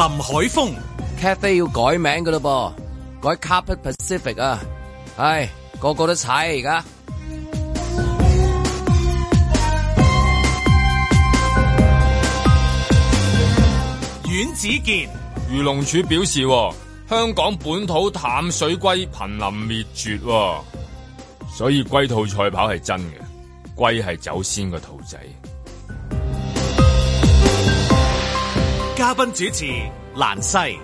林海峰 Cafe 要改名㗎喇噃，改 Carpet Pacific 啊！唉、哎，個個都踩而、啊、家。阮子健，漁農署表示、哦，香港本土淡水龜瀕臨滅絕、哦，所以龜兔賽跑係真嘅，龜係走先個兔仔。嘉賓主持。蘭西，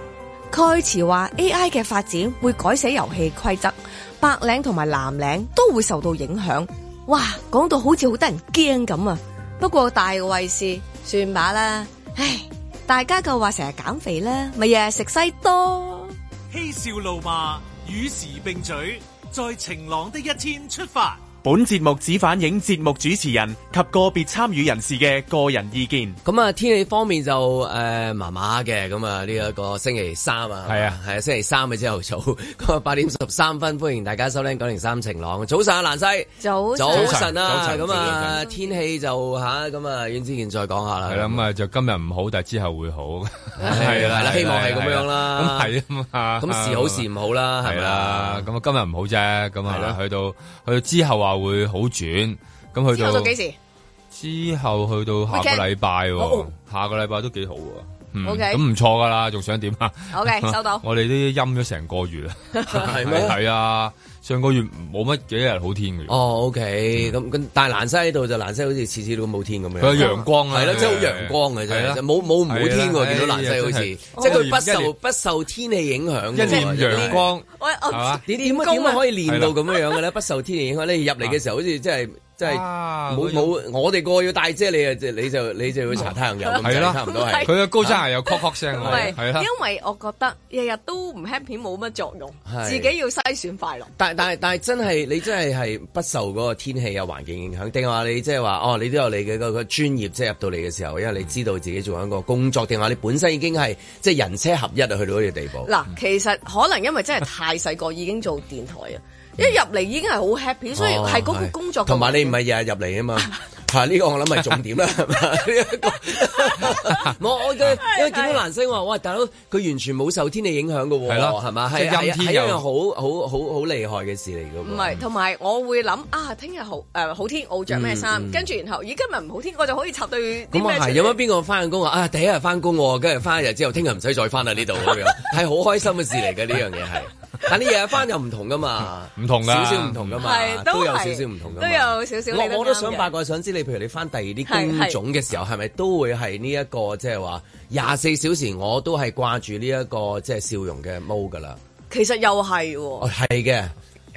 蓋茨話 A I 嘅發展會改寫遊戲規則，白領同埋藍領都會受到影響。哇，講到好似好得人驚咁啊！不過大衛士算吧啦，唉，大家就話成日減肥啦，咪日日食西多，嬉笑怒罵與時並舉，在晴朗的一天出發。本節目只反映節目主持人及個別參與人士嘅個人意見。咁啊，天氣方面就誒麻麻嘅，咁啊呢一個星期三啊，係啊係啊星期三嘅朝頭早，咁啊八點十三分，歡迎大家收聽九零三晴朗。早晨啊，蘭西，早晨早晨啦，咁啊天氣就吓，咁啊，阮志健再講下啦。係啦，咁啊就今日唔好，但係之後會好，係啦，希望係咁樣啦。咁係啊，咁時好時唔好啦，係啦，咁啊今日唔好啫，咁啊去到去到之後啊。會好轉，咁去到到幾時？之後去到下個禮拜，OK? 哦、下個禮拜都幾好，咁唔錯噶啦，仲想點啊？我哋都陰咗成個月啦，係 嗎 啊。上個月冇乜幾日好天嘅。哦，OK，咁咁，但係蘭西呢度就蘭西好似次次都冇天咁樣。佢有陽光啊。係囉，即係好陽光嘅就係，冇冇唔好天喎。見到蘭西好似，即係佢不受不受天氣影響嘅。一年陽光係嘛？你點解可以練到咁樣樣嘅咧？不受天氣影響咧，入嚟嘅時候好似真係。即係冇冇，啊、我哋個要帶遮，你就你就你就去搽太陽油，嗯、差唔多係。佢嘅高踭鞋有 call call 聲，因為我覺得日日都唔 happy 片冇乜作用，自己要篩選快樂。但但係但係真係你真係係不受嗰個天氣啊環境影響，定話你即係話哦，你都有你嘅嗰個個專業，即係入到嚟嘅時候，因為你知道自己做緊一個工作，定話你本身已經係即係人車合一去到呢個地步。嗱、啊，其實可能因為真係太細個已經做電台啊。一入嚟已經係好 happy，所以係嗰個工作同埋你唔係日日入嚟啊嘛，係呢個我諗係重點啦。呢一個我我嘅，因為見到藍星話，哇大佬，佢完全冇受天氣影響嘅喎，係咯，係嘛？即係陰天又係一樣好好好好厲害嘅事嚟嘅。唔係，同埋我會諗啊，聽日好誒好天，我著咩衫？跟住然後，而今日唔好天，我就可以插對啲咩？咁啊係，有乜邊個翻工啊？啊，第一日翻工喎，今日翻一日之後，聽日唔使再翻啦，呢度咁樣，係好開心嘅事嚟嘅呢樣嘢係。 但你日日返又唔同㗎嘛？唔同㗎，少少唔同㗎嘛，都，都有少少唔同㗎。都有小小我我都想八卦，想知你，譬如你返第二啲工種嘅時候，係咪都會係呢一個即係話廿四小時我都係掛住呢一個即係、就是、笑容嘅毛㗎喇。其實又係喎、哦，係嘅。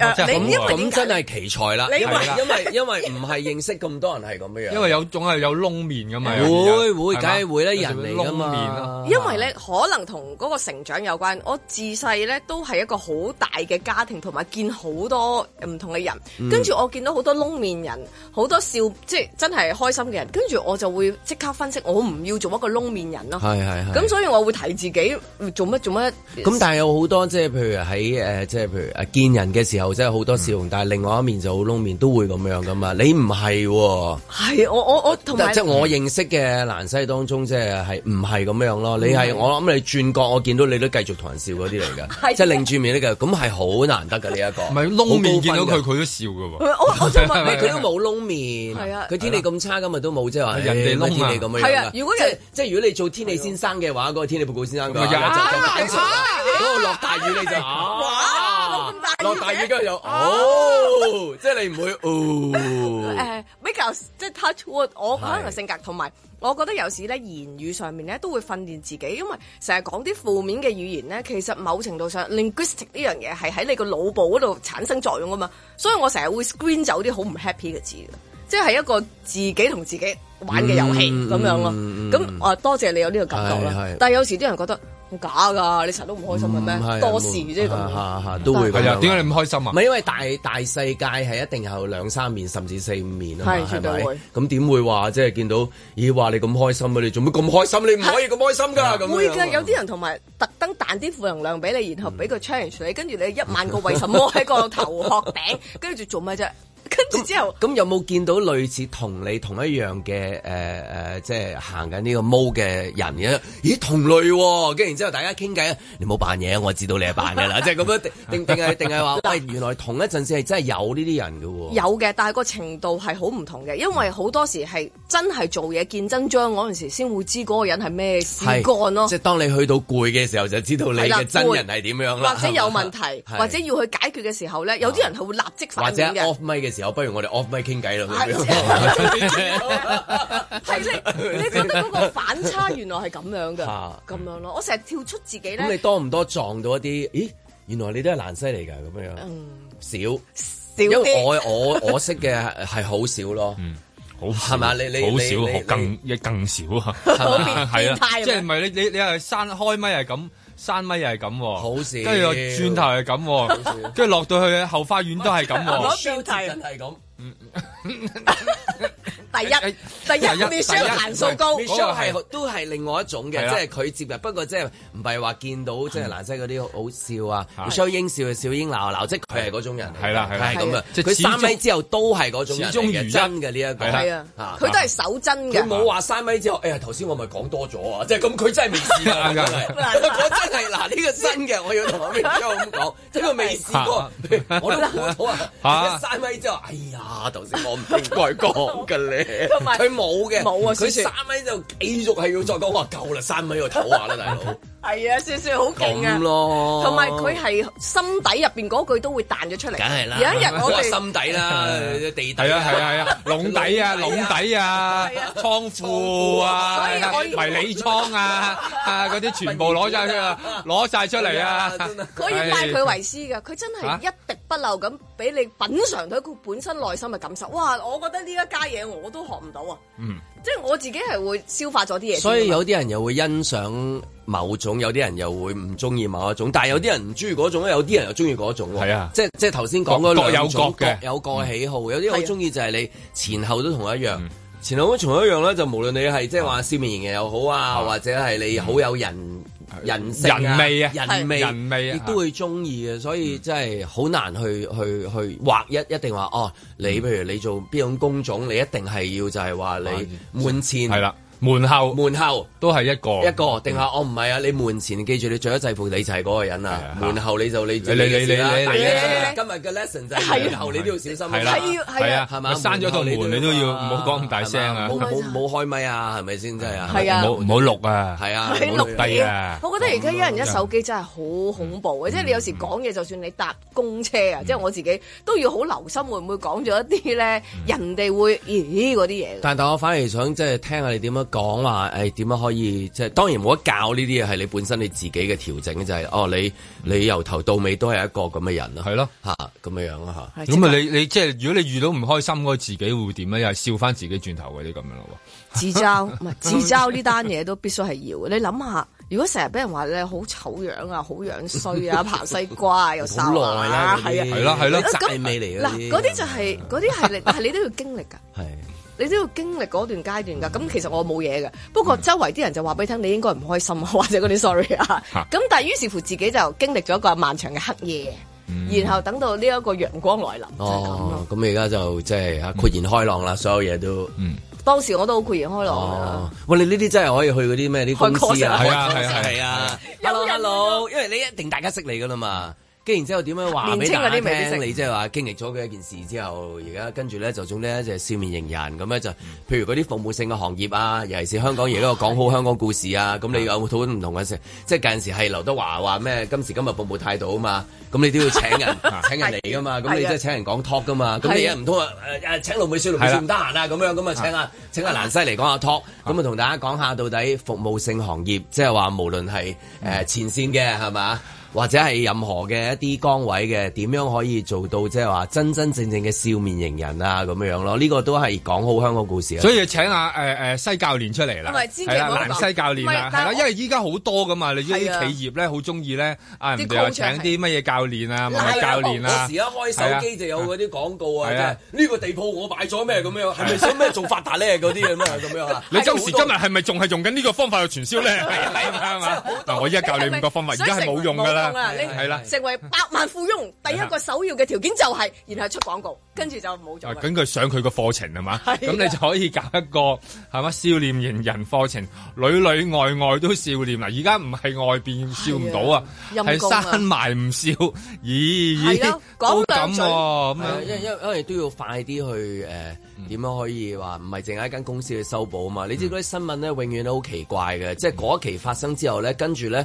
你依個點解？咁真係奇才啦！因為因為因為唔係認識咁多人係咁嘅樣。因為有總係有窿面噶嘛。會會，梗係會咧，人嚟啊嘛。因為咧，可能同嗰個成長有關。我自細咧都係一個好大嘅家庭，同埋見好多唔同嘅人。跟住我見到好多窿面人，好多笑，即係真係開心嘅人。跟住我就會即刻分析，我唔要做一個窿面人咯。係係係。咁所以我會睇自己做乜做乜。咁但係有好多即係譬如喺誒，即係譬如誒見人嘅時候。即係好多笑容，但係另外一面就好窿面，都會咁樣噶嘛。你唔係，係我我我同即係我認識嘅南西當中，即係係唔係咁樣咯。你係我諗你轉角，我見到你都繼續同人笑嗰啲嚟嘅，即係擰住面咧嘅。咁係好難得噶呢一個，唔係窿面見到佢，佢都笑噶。我佢都冇窿面，佢天氣咁差，今日都冇，即係話人哋窿天氣咁樣。如果即係如果你做天氣先生嘅話，嗰個天氣報告先生嗰個落大雨你就落大雨。即係你唔會哦，誒比較即係 touch wood，我可能性格同埋，我覺得有時咧言語上面咧都會訓練自己，因為成日講啲負面嘅語言咧，其實某程度上 linguistic 呢樣嘢係喺你個腦部嗰度產生作用㗎嘛，所以我成日會 screen 走啲好唔 happy 嘅字，即係一個自己同自己玩嘅遊戲咁樣咯，咁我多謝你有呢個感覺啦，但係有時啲人覺得。假噶，你成日都唔開心嘅咩？嗯啊、多事即係咁。嚇、啊啊啊、都會係是啊？點解你唔開心啊？唔係因為大大世界係一定有兩三面，甚至四五面啊嘛？係絕對咁點吧對會話即係見到？咦、欸、話你咁開心啊？你做乜咁開心？你唔可以咁開心㗎咁。啊、會㗎的，啊、有啲人同埋特登彈啲負能量俾你，然後俾個 challenge 你，嗯嗯、跟住你一萬個為什麼喺 個頭殼頂，跟住做咩啫？跟住之後，咁有冇見到類似同你同一樣嘅誒誒，即係行緊呢個踎嘅人嘅？咦，同類喎、哦！跟住之後大家傾偈，你冇扮嘢，我知道你係扮嘢啦，即係咁樣定定定係定係話，喂，原來同一陣時係真係有呢啲人嘅喎、哦。有嘅，但係個程度係好唔同嘅，因為好多時係真係做嘢見真章嗰陣時，先會知嗰個人係咩事幹咯。即係當你去到攰嘅時候，就知道你嘅真人係點樣啦。是是或者有問題，是是或者要去解決嘅時候咧，有啲人係會立即反應或者 off mic 嘅時有不如我哋 off 咪傾偈咯，係你你覺得嗰個反差原來係咁樣噶，咁樣咯。我成日跳出自己咧，咁你多唔多撞到一啲？咦，原來你都係蘭西嚟噶，咁樣，少少，因為我我我識嘅係好少咯，好係咪啊？你你你你更更少啊？變態啊？即係唔係你你你係山開咪係咁。山米又係咁，跟住又轉頭係咁，跟住落到去後花園都係咁，我標人係咁。 第一，第一嗰啲笑顏素高，嗰個係都係另外一種嘅，即係佢接入。不過即係唔係話見到即係嗱，西嗰啲好笑啊，笑英笑啊，笑英鬧鬧，即係佢係嗰種人。係啦，係啦，係咁啊，佢三米之後都係嗰種人嘅，真嘅呢一個。係啊，佢都係手真嘅。你冇話三米之後，哎呀，頭先我咪講多咗啊，即係咁，佢真係未試啊，真係嗱，真係嗱，呢個新嘅，我要同阿明超咁講，即係佢未試過，我都估到啊。嚇！三米之後，哎呀，頭先我唔應該講嘅你。佢冇嘅，冇 啊！佢三米就繼續係要再講， 我話夠啦，三米我唞下啦，大佬。 係啊，笑笑好勁啊！同埋佢係心底入邊嗰句都會彈咗出嚟。梗係啦，有一日我哋心底啦，地底啊，係啊，係啊，籠底啊，籠底啊，倉庫啊，迷你倉啊，啊嗰啲全部攞晒出，攞曬出嚟啊！可以拜佢為師㗎，佢真係一滴不漏咁俾你品嚐到佢本身內心嘅感受。哇！我覺得呢一家嘢我都學唔到啊！嗯。即係我自己係會消化咗啲嘢，所以有啲人又會欣賞某種，有啲人又會唔中意某一種，但係有啲人唔中意嗰種，有啲人又中意嗰種，係啊，即係即係頭先講嗰兩種嘅有個喜好，有啲好中意就係你前後都同一樣，啊、前後都同一樣咧，就無論你係即係話笑面型嘅又好啊，或者係你好有人。人，性啊、人味啊，人味，啊，亦都會中意嘅，所以真係好難去，嗯，去去劃一一定話哦。你譬如你做邊種工種，嗯，你一定係要就係話你門前係啦。門後門後都係一個一個，定下我唔係啊！你門前記住，你着咗制服，你就係嗰個人啊。門後你就你你你你你，今日嘅 lesson 就係門後你都要小心。係啦，係啊，係嘛？閂咗道門，你都要唔好講咁大聲啊！冇冇開咪啊？係咪先真係啊？係啊，唔好錄啊！係啊，錄啲啊！我覺得而家一人一手機真係好恐怖啊，即係你有時講嘢，就算你搭公車啊，即係我自己都要好留心，會唔會講咗一啲咧人哋會咦嗰啲嘢？但但，我反而想即係聽下你點樣。講話誒，點樣、啊哎、可以即係？當然冇得教呢啲嘢，係你本身你自己嘅調整就係、是、哦，你你由頭到尾都係一個咁嘅人咯、啊，係咯吓咁嘅樣啊吓。咁啊，你你即係如果你遇到唔開心，嗰自己會點咧？又係笑翻自己轉頭嗰啲咁樣咯。自嘲 自嘲呢單嘢都必須係要。你諗下，如果成日俾人話你好醜樣啊，好樣衰啊，爬西瓜啊，又瘦啊，係啊係啦係啦，晒味嚟嗰嗱，嗰啲就係嗰啲係，但係你都要經歷噶。係。你都要經歷嗰段階段㗎，咁其實我冇嘢嘅，不過周圍啲人就話俾你聽，你應該唔開心或者嗰啲 sorry 啊，咁但係於是乎自己就經歷咗一個漫長嘅黑夜，嗯、然後等到呢一個陽光來臨，哦、就咁你而家就即係、就係、豁然開朗啦，嗯、所有嘢都。嗯、當時我都好豁然開朗啊！喂、哦，你呢啲真係可以去嗰啲咩啲公司啊？係 啊係啊係啊，啊 Hello 因為你一定大家識你㗎啦嘛。然之後點樣話俾大家聽？微微你即係話經歷咗佢一件事之後，而家跟住咧就總之咧就笑面迎人咁咧就，譬如嗰啲服務性嘅行業啊，尤其是香港而家個講好 的香港故事啊，咁你有冇討唔同嘅事？即係有陣時係劉德華話咩？今時今日服務態度啊嘛，咁你都要請人 的請人嚟噶嘛，咁你即係請人講 talk 噶嘛，咁 的你唔通誒誒請盧美雪、盧美雪唔得閒啊？咁樣咁啊請啊 請阿蘭西嚟講下 talk，咁啊同大家講下到底服務性行業即係話無論係誒前線嘅係嘛？或者係任何嘅一啲崗位嘅點樣可以做到即係話真真正正嘅笑面迎人啊咁樣咯？呢個都係講好香港故事。所以請阿誒誒西教練出嚟啦，係啊，南西教練啊，係啦，因為依家好多噶嘛，你啲企業咧好中意咧啊唔好請啲乜嘢教練啊，乜教練啊。時一開手機就有嗰啲廣告啊，呢個地鋪我擺咗咩咁樣？係咪想咩做發達咧？嗰啲咁樣咁樣。你今時今日係咪仲係用緊呢個方法去傳銷咧？係嘛？嗱，我依家教你五個方法，而家係冇用㗎啦。係啦，嗯、成為百萬富翁、嗯、第一個首要嘅條件就係、是，然後出廣告，跟住就冇咗。咁佢上佢個課程係嘛？咁是的 你就可以教一個係嘛？笑臉迎人課程，裏裏外外都笑臉。嗱，而家唔係外邊笑唔到啊，係生埋唔笑。咦？係講兩句咁樣、啊。因因為都要快啲去誒，點、呃、樣可以話唔係淨係一間公司去修補啊嘛？你知嗰啲新聞咧，永遠都好奇怪嘅，即係嗰期發生之後咧，跟住咧。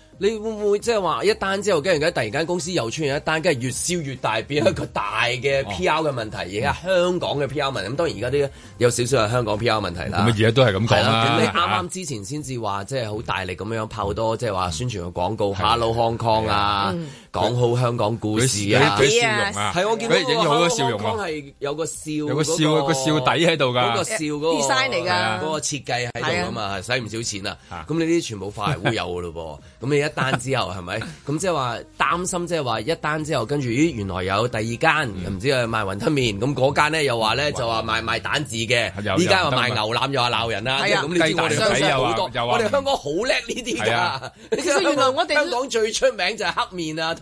你會唔會即係話一單之後，跟住突然間公司又出現一單，跟住越燒越大，變一個大嘅 PR 嘅問題，而家、嗯哦、香港嘅 PR 問題。咁當然而家啲有少少係香港 PR 問題啦。咁而家都係咁講啦。啊、你啱啱之前先至話，即係好大力咁樣拋多，即係話宣傳嘅廣告、嗯，Hello Hong Kong 啊。講好香港故事啊，俾笑容啊，係我見影咗好多笑容啊。香港係有個笑，有個笑個笑底喺度噶，嗰個笑嗰個 design 嚟噶，個設計喺度啊嘛，使唔少錢啊。咁你呢啲全部化為烏有噶咯噃。咁你一單之後係咪？咁即係話擔心，即係話一單之後，跟住咦原來有第二間唔知係賣雲吞麵，咁嗰間咧又話咧就話賣賣蛋仔嘅，依家又賣牛腩又話鬧人啊。係啊，咁呢啲我哋睇又話，我哋香港好叻呢啲噶。原來我哋香港最出名就係黑面啊！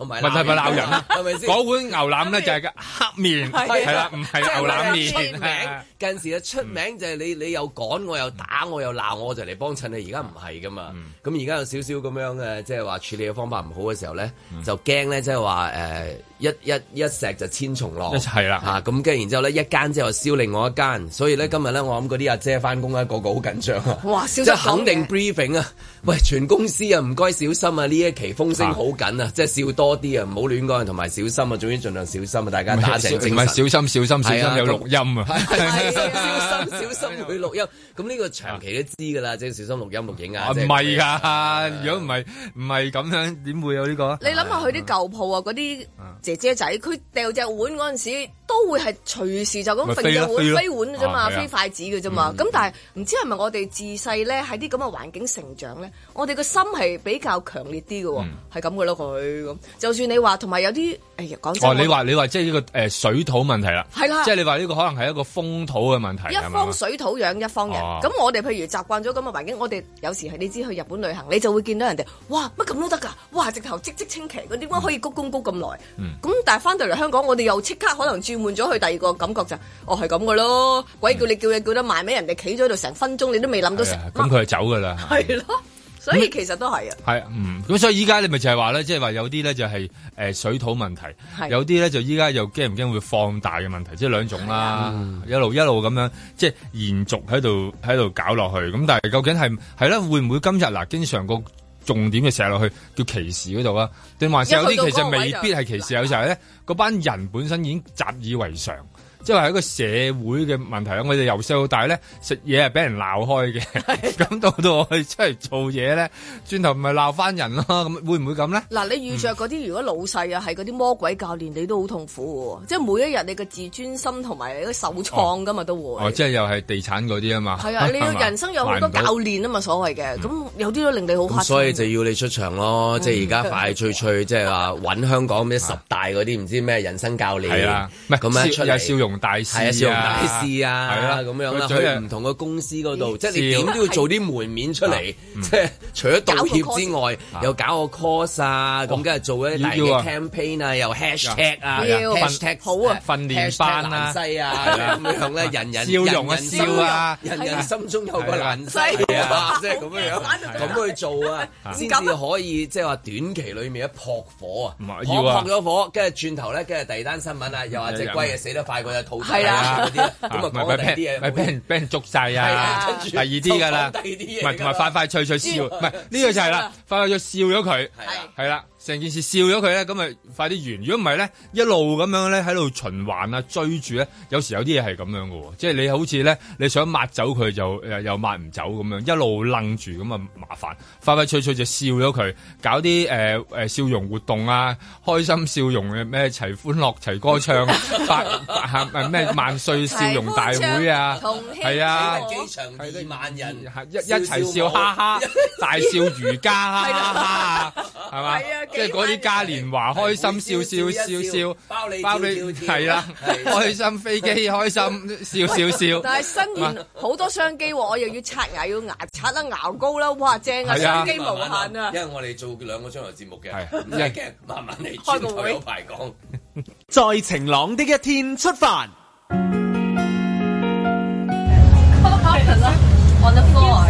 係咪鬧人，係咪先？嗰碗牛腩咧就係黑面，係啦，唔係牛腩麵。近時啊，出名就係你，你又趕我又打我又鬧我，就嚟幫襯你。而家唔係噶嘛，咁而家有少少咁樣嘅，即係話處理嘅方法唔好嘅時候咧，就驚咧，即係話誒一一一石就千重浪，一齊啦嚇。咁跟住然之後咧，一間之後燒另外一間，所以咧今日咧，我諗嗰啲阿姐翻工咧個個好緊張，哇，燒得肯定 briefing 啊！喂，全公司啊，唔該小心啊！呢一期風聲好緊啊，即係笑多啲啊，唔好亂講，同埋小心啊，總之盡量小心啊，大家打醒精神。唔係小心小心小心，有錄音啊！小心小心小心，會錄音。咁呢個長期都知㗎啦，即係小心錄音錄影啊！唔係㗎，如果唔係唔係咁樣，點會有呢個？你諗下佢啲舊鋪啊，嗰啲姐姐仔，佢掉隻碗嗰陣時，都會係隨時就咁飛碗飛碗㗎啫嘛，飛筷子㗎啫嘛。咁但係唔知係咪我哋自細咧喺啲咁嘅環境成長咧？我哋個心係比較強烈啲嘅、哦，係咁嘅咯佢。咁就算你話同埋有啲，哎講真、哦、你話你話即係呢個誒、呃、水土問題啦，係啦的，即係你話呢個可能係一個風土嘅問題。一方水土養一方人，咁、哦、我哋譬如習慣咗咁嘅環境，我哋有時係你知，你知去日本旅行，你就會見到人哋，哇乜咁都得噶，哇直頭即、即即稱奇，佢點解可以鞠躬鞠咁耐？咁、嗯、但係返到嚟香港，我哋又即刻可能轉換咗去第二個感覺就是，哦係咁嘅咯，鬼叫你叫嘢叫得埋咩？人哋企咗喺度成分鐘，你都未諗到食。咁佢就走噶啦。係咯。嗯所以其實都係啊，係啊、嗯，嗯，咁所以依家你咪就係話咧，即係話有啲咧就係、是、誒、呃、水土問題，係有啲咧就依家又驚唔驚會放大嘅問題，即、就、係、是、兩種啦、啊，嗯、一路一路咁樣即係、就是、延續喺度喺度搞落去。咁但係究竟係係咧，會唔會今日嗱，經常個重點嘅射落去叫歧視嗰度啊？定還是有啲其實未必係歧視，有時候咧嗰班人本身已經習以為常。即係話一個社會嘅問題我哋由細到大咧食嘢係俾人鬧開嘅，咁到到我哋出嚟做嘢咧，轉頭唔係鬧翻人咯！咁會唔會咁咧？嗱，你遇着嗰啲如果老細啊係嗰啲魔鬼教練，你都好痛苦喎！即係每一日你嘅自尊心同埋都受創噶嘛，都會哦，即係又係地產嗰啲啊嘛，係啊！你要人生有好多教練啊嘛，所謂嘅咁有啲都令你好怕，咁所以就要你出場咯！即係而家快脆脆即係話揾香港咩十大嗰啲唔知咩人生教練，係啊，唔咁樣出嚟笑容。大師啊，係啊，大師啊，係啦，咁樣啦，去唔同嘅公司嗰度，即係你點都要做啲門面出嚟，即係除咗道歉之外，又搞個 course 啊，咁跟住做一啲大嘅 campaign 啊，又 hashtag 啊，hashtag 好啊，訓練班啊，咁樣咧，人人笑容人人笑啊，人人心中有個懶西，即係咁樣樣，咁去做啊，先至可以即係話短期裏面一撲火啊，我撲咗火，跟住轉頭咧，跟住第二單新聞啊，又話隻龜啊死得快過係啦，咁啊，俾人俾人俾人捉晒啊，第二啲噶啦，第二啲，唔係，同埋快快脆脆笑，唔係呢個就係啦，快快脆笑咗佢，係啦。成件事笑咗佢咧，咁咪快啲完。如果唔係咧，嗯、一路咁樣咧喺度循環啊追住咧，有時有啲嘢係咁樣嘅，即係你好似咧你想抹走佢，又又抹唔走咁樣，一路愣住咁啊，麻煩，快快脆脆就笑咗佢，搞啲誒誒笑容活動啊，開心笑容嘅咩齊歡樂齊歌唱，啊，咩 萬歲笑容大會啊，係啊，係啊我，幾場都係萬人，一一齊笑哈哈，我 大笑瑜伽哈哈，係嘛？即係嗰啲嘉年華，開心笑笑笑笑，包你包你係啦，開心飛機，開心笑笑笑。但係新年好多商機喎，我又要刷牙，要牙刷得牙膏啦，哇正啊，商機無限啊！因為我哋做兩個鐘頭節目嘅，唔使驚，慢慢嚟，開個會。在晴朗的一天出發。On the floor.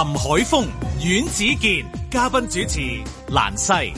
林海峰、阮子健嘉賓主持，蘭西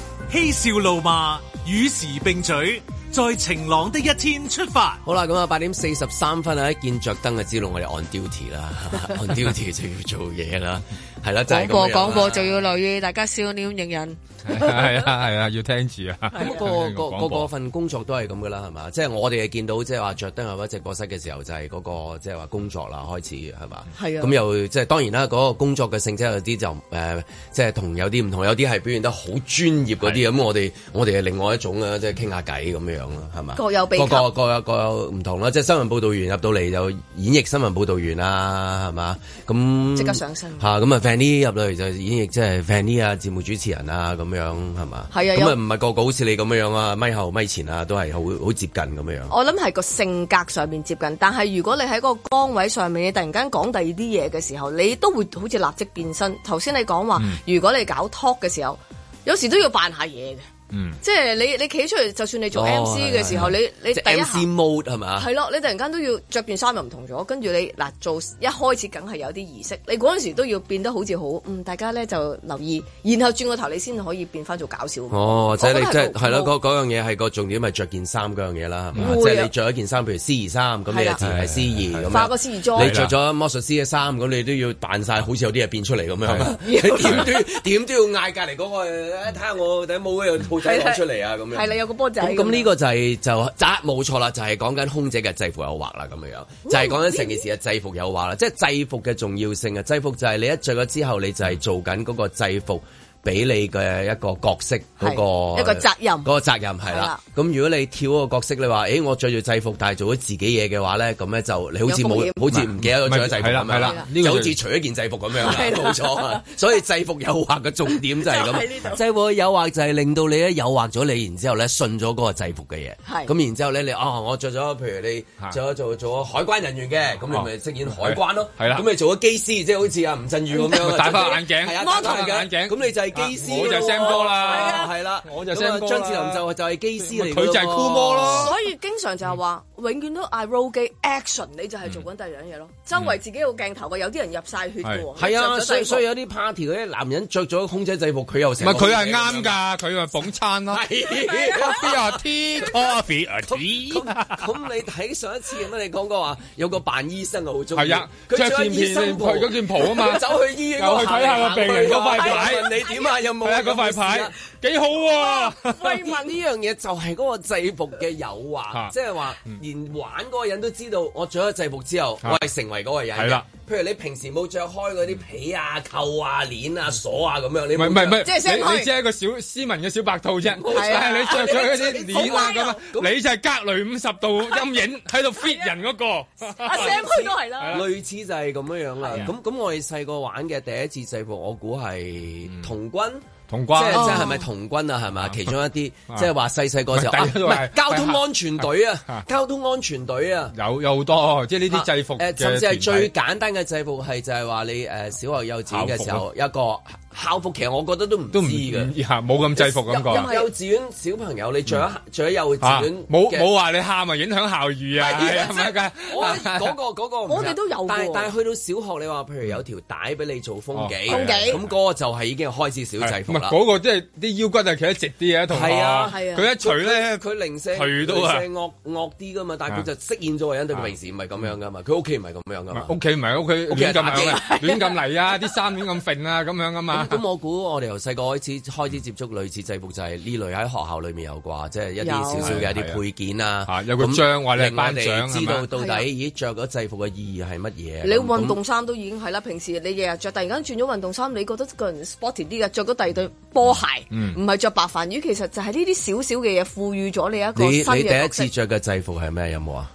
嬉笑怒罵，與時並舉，在晴朗的一天出發。好啦，咁啊八點四十三分啊，一見着燈嘅之路，我哋 on duty 啦，on duty 就要做嘢啦。 係啦，講過講過仲要留意，大家笑臉迎人。係啊係啊， 要聽住啊。咁個個個份工作都係咁噶啦，係嘛？即、就、係、是、我哋係見到，即係話着燈或者直播室嘅時候，就係、是、嗰、那個即係話工作啦，開始係嘛？咁是、啊嗯、又即係當然啦，嗰個工作嘅性質有啲就誒，即、呃、係、就是、同有啲唔同，有啲係表現得好專業嗰啲。咁是、啊、我哋我哋係另外一種即係傾下偈咁樣咯，係、就、嘛、是？各有比較。各有各有唔同啦，即係新聞報道員入到嚟，就演繹新聞報道員啊，係、嗯、嘛？咁即刻上身咁啊！嗯嗯嗯嗯嗯嗯 Fanny 入到嚟就演繹即係 Fanny 啊，節目主持人啊咁樣係嘛？咁啊唔係個個好似你咁樣樣啊，咪後咪前啊都係好好接近咁樣。我諗係個性格上面接近，但係如果你喺嗰個崗位上面，你突然間講第二啲嘢嘅時候，你都會好似立即變身。頭先你講話，嗯、如果你搞 talk 嘅時候，有時都要扮下嘢嘅。嗯，即係你你企出嚟，就算你做 M C 嘅時候，你你第一下 mode 係咪啊？係咯，你突然間都要着件衫又唔同咗，跟住你嗱做一開始，梗係有啲儀式，你嗰陣時都要變得好似好，嗯，大家咧就留意，然後轉個頭你先可以變翻做搞笑。哦，即係即係係咯，嗰嗰樣嘢係個重點，咪着件衫嗰樣嘢啦。即係你着一件衫，譬如 C 二三咁你自然係 C 二，化個妝。你着咗魔術師嘅衫，咁你都要扮晒好似有啲嘢變出嚟咁樣。點點都要嗌隔籬嗰個睇下我頂帽又套出嚟啊！咁樣係啦，有個波仔。咁呢個就係就紮冇錯啦，就係講緊空姐嘅制服誘惑啦，咁樣樣就係講緊成件事嘅制服誘惑啦，即係制服嘅重要性啊！制服就係你一着咗之後，你就係做緊嗰個制服。俾你嘅一個角色，嗰個一個責任，嗰個責任係啦。咁如果你跳嗰個角色，你話，誒，我着住制服，但係做咗自己嘢嘅話咧，咁咧就你好似冇好似唔記得咗著咗制服，係啦係啦。就好似除咗件制服咁樣。係冇錯。所以制服誘惑嘅重點就係咁。就喺呢度。制服誘惑就係令到你咧誘惑咗你，然之後咧信咗嗰個制服嘅嘢。咁然之後咧，你啊，我着咗，譬如你著咗做做個海關人員嘅，咁你咪飾演海關咯。係啦。咁你做咗機師，即係好似阿吳鎮宇咁樣戴翻眼鏡，貓咁你就機師我就 Sam 哥啦，係啦，我就 Sam 哥。張智霖就就係機師嚟，佢就係 Cool 魔咯。所以經常就係話，永遠都嗌 roll 機 action，你就係做緊第二樣嘢咯。周圍自己有鏡頭嘅，有啲人入晒血嘅喎。係啊，所以有啲 party 嗰啲男人着咗空姐制服，佢又成。唔係，佢係啱㗎，佢係捧餐咯。邊有 tea coffee？咁你睇上一次乜你講過話有個扮醫生嘅好中意啊！着件件袍啊嘛，走去醫院去睇下個病人嗰塊牌，你點？係啊，嗰塊、啊啊、牌。幾好啊！秘密呢樣嘢，就係嗰個制服嘅誘惑，即係話連玩嗰個人都知道，我着咗制服之後，我係成為嗰個人嘅。譬如你平時冇着開嗰啲皮啊、扣啊、鏈啊、鎖啊咁樣，你唔係唔係唔係，你你只係一個小斯文嘅小白兔啫。係係，你着咗嗰啲鏈啊咁啊，你就係隔離五十度陰影，喺度 fit 人嗰個。阿社 a 區都係啦，類似就係咁樣樣啦。咁咁，我哋細個玩嘅第一次制服，我估係童軍。即係即係，係咪童軍啊？係嘛，其中一啲即係話細細個時候，交通安全隊啊，交通安全隊啊，有有好多，即係呢啲制服。誒，甚至係最簡單嘅制服係就係話你誒小學幼稚園嘅時候一個。校服其實我覺得都唔知嘅吓，冇咁制服咁講。幼稚園小朋友你著咗著咗幼稚園冇冇話你喊啊影響校譽啊？唔係嘅，嗰個嗰個我哋都有嘅。但係去到小學你話，譬如，有條帶俾你做風紀，咁嗰個就係已經開始小制服啦。嗰個即係啲腰骨係企得直啲嘅，同埋佢一除咧，佢零舍零舍惡惡啲噶嘛，但係佢就適應咗個人對平時唔係咁樣噶嘛，佢屋企唔係咁樣噶嘛，屋企唔係屋企亂咁嚟啊，亂咁嚟啊，啲衫亂咁揈啊，咁樣噶嘛。咁、嗯、我估我哋由細個開始開始接觸類似制服就係呢類喺學校裏面有啩，即係一啲少少嘅一啲配件啊。有啊。個章那或者你班長知道到底咦着咗制服嘅意義係乜嘢？你運動衫都已經係啦，的平時你日日着，那突然間轉咗運動衫，你覺得個人 sporty 啲嘅，着咗第二對波鞋，唔係着白飯魚，其實就係呢啲少少嘅嘢，賦予咗你一個你。你第一次着嘅制服係咩？有冇啊？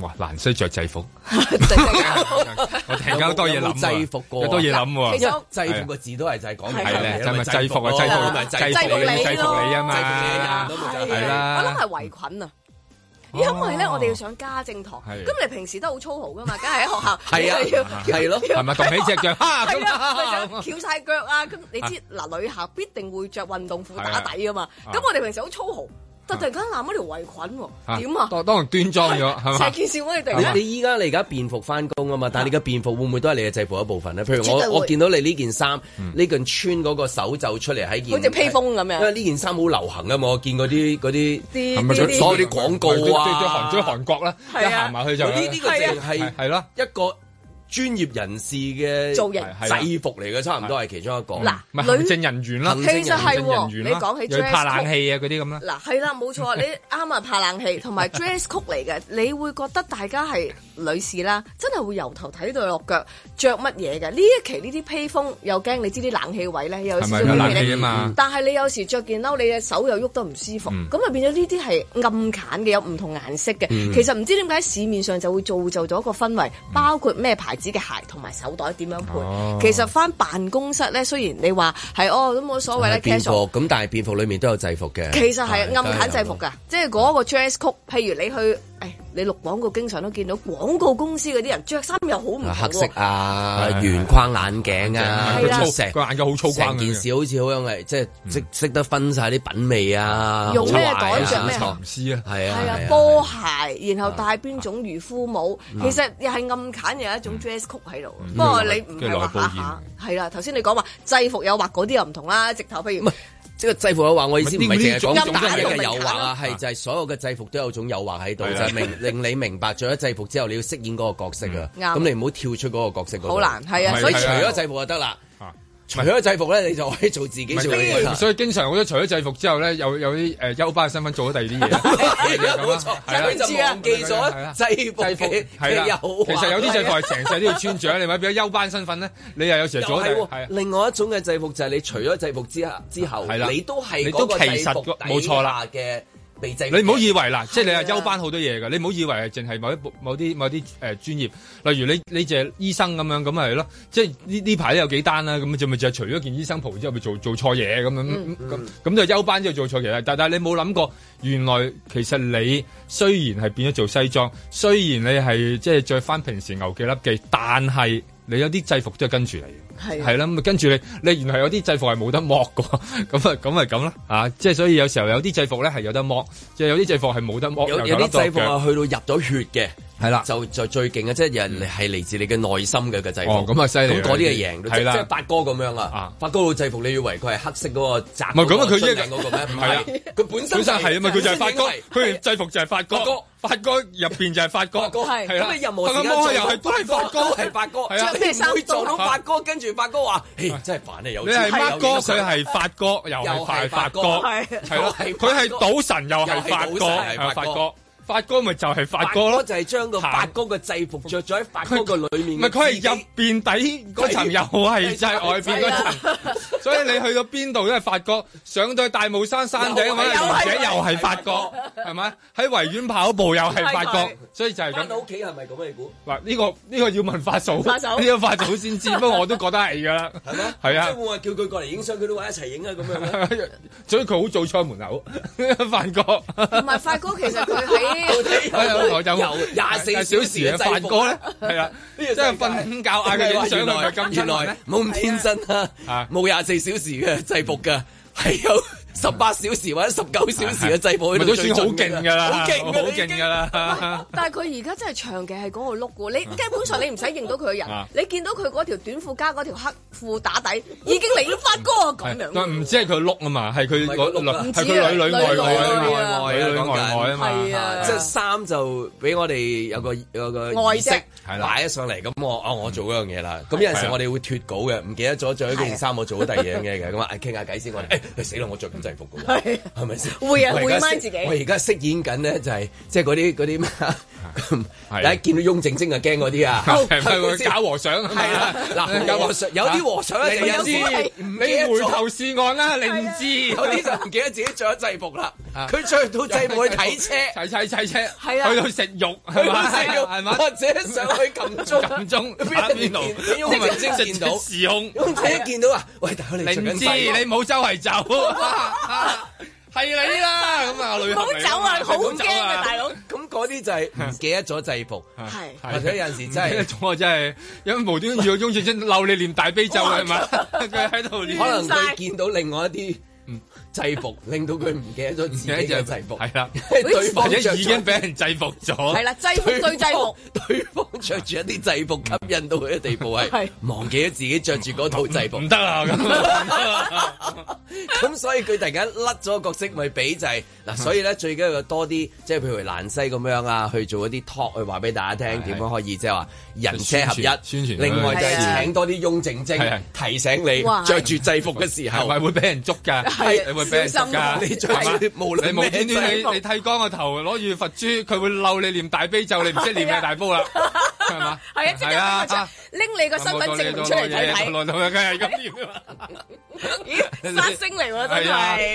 哇！難需着制服，我停咗好多嘢諗，制服個好多嘢諗。其實制服個字都係就係講係咧，就咪制服制個制服咪制服你咯。我諗係圍裙啊，因為咧我哋要上家政堂，咁你平時都好粗豪噶嘛，梗係喺學校係啊，要係咯，係咪同你隻腳吓，翹晒腳啊？咁你知嗱，女校必定會着運動褲打底噶嘛，咁我哋平時好粗豪。但突然間攬一條圍裙喎，點啊？當、啊、當人端莊咗係成件事我哋定啦。你依家你而家便服翻工啊嘛，但係你嘅便服會唔會都係你嘅制服一部分咧？譬如我我見到你呢件衫，呢件、嗯、穿嗰個手袖出嚟喺件好似披風咁樣。因為呢件衫好流行啊嘛，我見嗰啲啲啲所有啲廣告啊，追、啊、韓國啦，啊、一行埋去就呢係啊。係咯，呢個、一個。專業人士嘅造型制服嚟嘅，差唔多係其中一個。嗱，唔係行人員啦，其實係你講起，又拍冷氣啊嗰啲咁啦。嗱，係啦，冇錯，你啱啊，拍冷氣同埋 dress 曲嚟嘅，你會覺得大家係。女士啦，真係會由頭睇到落腳，着乜嘢嘅？呢一期呢啲披風又驚你知啲冷氣位咧，又少少冷氣啊嘛。但係你有時着件褸，你隻手又喐得唔舒服，咁啊、嗯、變咗呢啲係暗揀嘅，有唔同顏色嘅。嗯、其實唔知點解市面上就會造就咗一個氛圍，嗯、包括咩牌子嘅鞋同埋手袋點樣配。哦、其實返辦公室咧，雖然你話係哦都冇所謂咧，casual 咁，但係便服裡面都有制服嘅。其實係暗揀制服嘅，嗯、即係嗰個 dress code。譬如你去。誒，你錄廣告經常都見到廣告公司嗰啲人着衫又好唔黑色啊，圓框眼鏡啊，係啦，個眼鏡好粗框。成件事好似好，因為即係識識得分晒啲品味啊，用咩袋着咩鞋啊，係啊，波鞋，然後戴邊種漁夫帽，其實又係暗砍又一種 dresscode 喺度。不過你唔係話下係啦，頭先你講話制服有畫嗰啲又唔同啦，直頭譬如。即係制服嘅話，我意思唔係淨係講單一嘅誘惑啊，係就係所有嘅制服都有種誘惑喺度，的就令 令你明白咗制服之後，你要飾演嗰個角色啊。咁、嗯、你唔好跳出嗰個角色嗰度。好難，係啊，所以除咗制服就得啦。除咗制服咧，你就可以做自己做嘢。所以經常我一除咗制服之後咧，有有啲誒休班身份做咗第二啲嘢。冇錯，知啦，記咗制服，其有其實有啲制服係成世都要穿著。你揾變咗休班身份咧，你又有時阻定。另外一種嘅制服就係你除咗制服之後之後，你都係嗰個制服底下嘅。你唔好以為啦，即係你係休班好多嘢噶。你唔好以為係淨係某一某啲某啲誒專業，例如你你就係醫生，咁樣咁係咯。即係呢呢排咧有幾單啦，咁咪就咪就除咗件醫生袍之後，咪做做錯嘢，咁樣咁就、嗯嗯、休班之後做錯嘢。但係你冇諗過，原來其實你雖然係變咗做西裝，雖然你係即係着翻平時牛記笠記，但係你有啲制服都係跟住嚟。係啦，咁啊跟住你，你原來有啲制服係冇得剝嘅，咁啊咁咪咁啦，啊即係所以有時候有啲制服咧係有得剝，即係有啲制服係冇得剝，有啲制服啊去到入咗血嘅，係啦，就就最勁嘅，即係人係嚟自你嘅內心嘅個制服。咁啊犀利。咁嗰啲啊贏，即係即係發哥咁樣啊。啊，發哥嘅制服，你以為佢係黑色嗰個窄，唔係咁佢即係啊，佢本身本身係啊嘛，佢就係發哥，佢制服就係發哥，發哥入邊就係發哥，係啦，咁啊任何發哥，係發哥，將咩衫做都發哥，跟住，發哥話，誒，啊、真係煩你有你係乜哥？佢係發哥，又係發哥，係咯、啊，佢係賭神，又係發哥。發哥咪就係發哥咯，就係將個發哥嘅制服着咗喺發哥個裏面。唔係佢係入邊底嗰層，又係即係外邊嗰層。所以你去到邊度都係發哥，上到大帽山山頂，又係發哥，又係發哥，係咪？喺維園跑步又係發哥，所以就係咁。翻到屋企係咪咁咩？你估？嗱呢個呢個要問發嫂。呢個發嫂先知。不過我都覺得係㗎啦，係咩？係啊。即係會唔會叫佢過嚟影相，佢都話一齊影啊咁樣。所以佢好做錯門口，發哥，唔係發哥，其實佢喺。到底有廿四小時嘅制服咧？係啦 ，真係瞓覺嗌佢點上來？咁原來冇咁天真啊！冇廿四小時嘅制服嘅，係有。十八小時或者十九小時嘅制服，都算好勁㗎啦！好勁㗎啦！但係佢而家真係長期係嗰個 look 喎你基本上你唔使認到佢嘅人，你見到佢嗰條短褲加嗰條黑褲打底，已經嚟到發哥咁樣。但唔知係佢 look 啊嘛，係佢嗰個，係佢女女愛女愛愛愛愛啊嘛，即係衫就俾我哋有個有個意識擺咗上嚟，咁我我做嗰樣嘢啦。咁有陣時我哋會脱稿嘅，唔記得咗著嗰件衫，我做咗第二樣嘢嘅，咁啊傾下偈先。我哋死啦，我著係，係咪先？會啊，會賣自己。 我而家飾演緊咧、就係，就係即係嗰啲嗰啲咩你一見到雍正精就驚嗰啲啊，係、 喔、 假和尚，係啊！嗱，假和尚 有啲和尚咧，你唔知，你回頭是岸啦，你唔知，有啲就唔記得自己着咗制服啦，佢着到制服去睇車，睇車睇車，去到食肉， 去到 或者上去撳鐘，撳鐘雍正精見到，空 知！ 雍正一見到啊，喂，大佬你唔知，你冇周圍走。係你啦，咁啊女唔好走啊，好驚啊大佬。咁嗰啲就係唔記得咗制服，係是，是或者有陣時真係，我真係，因為無端端 又中意即係鬧你練大悲咒係嘛，佢喺度練。可能佢見到另外一啲。制服令到佢唔記得咗自己着制服，係啦，對方已經俾人制服咗，係啦，制服對制服，對方着住一啲制服吸引到佢嘅地步，係忘記咗自己着住嗰套制服，唔得啊！咁咁所以佢突然間甩咗個角色，咪俾制嗱。所以咧最緊要多啲，即係譬如蘭西咁樣啊，去做一啲 talk 去話俾大家聽點樣可以，即係話人車合一。宣傳，另外就係請多啲雍正精提醒你着住制服嘅時候，係會俾人捉㗎。咩時你著住冇你冇端端你你剃光個頭，攞住佛珠，佢會鬧你念大悲咒，你唔識念咩大福啦，係嘛？係啊，拎你個身份證出嚟睇睇。咦，三星嚟喎真係。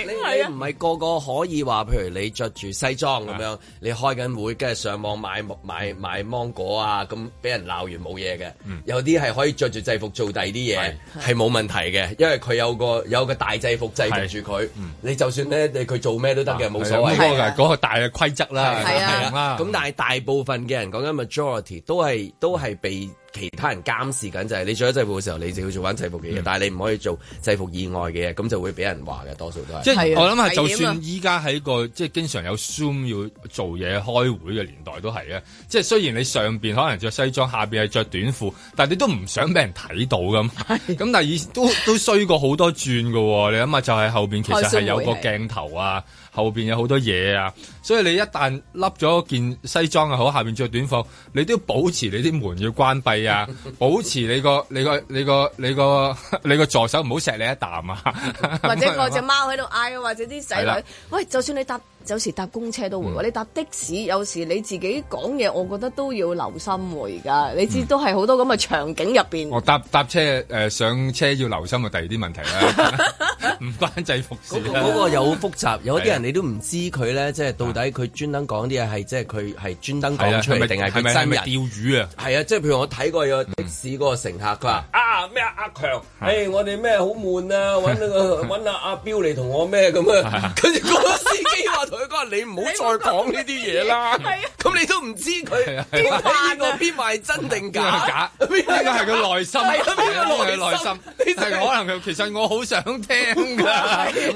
係啊，唔係個個可以話，譬如你着住西裝咁樣，你開緊會，跟住上網買木買芒果啊，咁俾人鬧完冇嘢嘅。有啲係可以着住制服做第二啲嘢，係冇問題嘅，因為佢有個有個大制服制住佢。 你就算咧，你佢做咩都得嘅，冇所謂嘅，嗰、啊、個、個大嘅規則啦，係啊。咁但係大部分嘅人講緊 majority 都係、嗯、都係被。其他人監視緊就係、是、你做咗制服嘅時候，你就要做翻制服嘅嘢，嗯、但係你唔可以做制服以外嘅嘢，咁就會俾人話嘅多數都係即、啊。即係我諗下就算依家喺個即係經常有 Zoom 要做嘢、開會嘅年代都係啊！即係雖然你上邊可能着西裝，下邊係着短褲，但係你都唔想俾人睇到咁。咁、啊、但係以都 都衰過好多轉嘅喎，你諗下就係、是、後邊其實係有個鏡頭啊。後邊有好多嘢啊，所以你一旦笠咗件西裝又好，下面着短褲，你都要保持你啲門要關閉啊，保持你個你個你個你個你個助手唔好錫你一啖啊，者 啊，或者我隻貓喺度嗌，啊的，或者啲仔女，喂，就算你搭。有時搭公車都會喎，嗯、你搭的士有時你自己講嘢，我覺得都要留心喎，而家你知都係好多咁嘅場景入邊、嗯嗯。我搭搭車誒、呃、上車要留心啊，第二啲問題啦，唔 關制服事。嗰、嗰個有、嗰個、複雜，有啲人你都唔知佢咧，即係到底佢專登講啲嘢係即係佢係專登講出去定係佢真人？係啊，啊，即係譬如我睇過有的士嗰、嗯、個乘客，佢話啊咩阿、啊、強，誒、嗯欸、我哋咩好悶啊，揾個揾阿阿彪嚟同我咩咁樣，啊跟住 個司機話。佢話你唔好再講呢啲嘢啦。咁你都唔知佢邊個邊賣真定假？邊個係個內心？係咯，邊個係內心？係可能其實我好想聽㗎，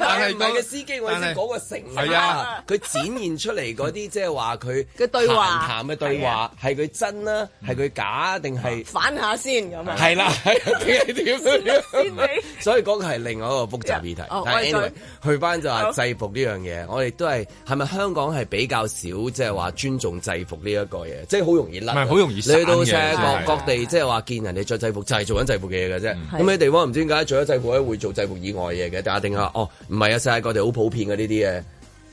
但係我嘅司機，我先講個成績。係啊，佢展現出嚟嗰啲即係話佢嘅對話，談嘅對話係佢真啦，係佢假定係反下先咁啊。係啦，係點點點？所以嗰個係另外一個複雜議題。但係 anyway，去返就話制服呢樣嘢，我哋都係。係咪香港係比較少即係話尊重制服呢一個嘢，即係好容易甩，唔係好容易。你去到世界各、各地即係話見人哋着制服就係做緊制服嘅嘢嘅啫。咁咩地方唔知點解着咗制服咧會做制服以外嘢嘅，大家定下哦，唔係啊，世界各地好普遍嘅呢啲嘢。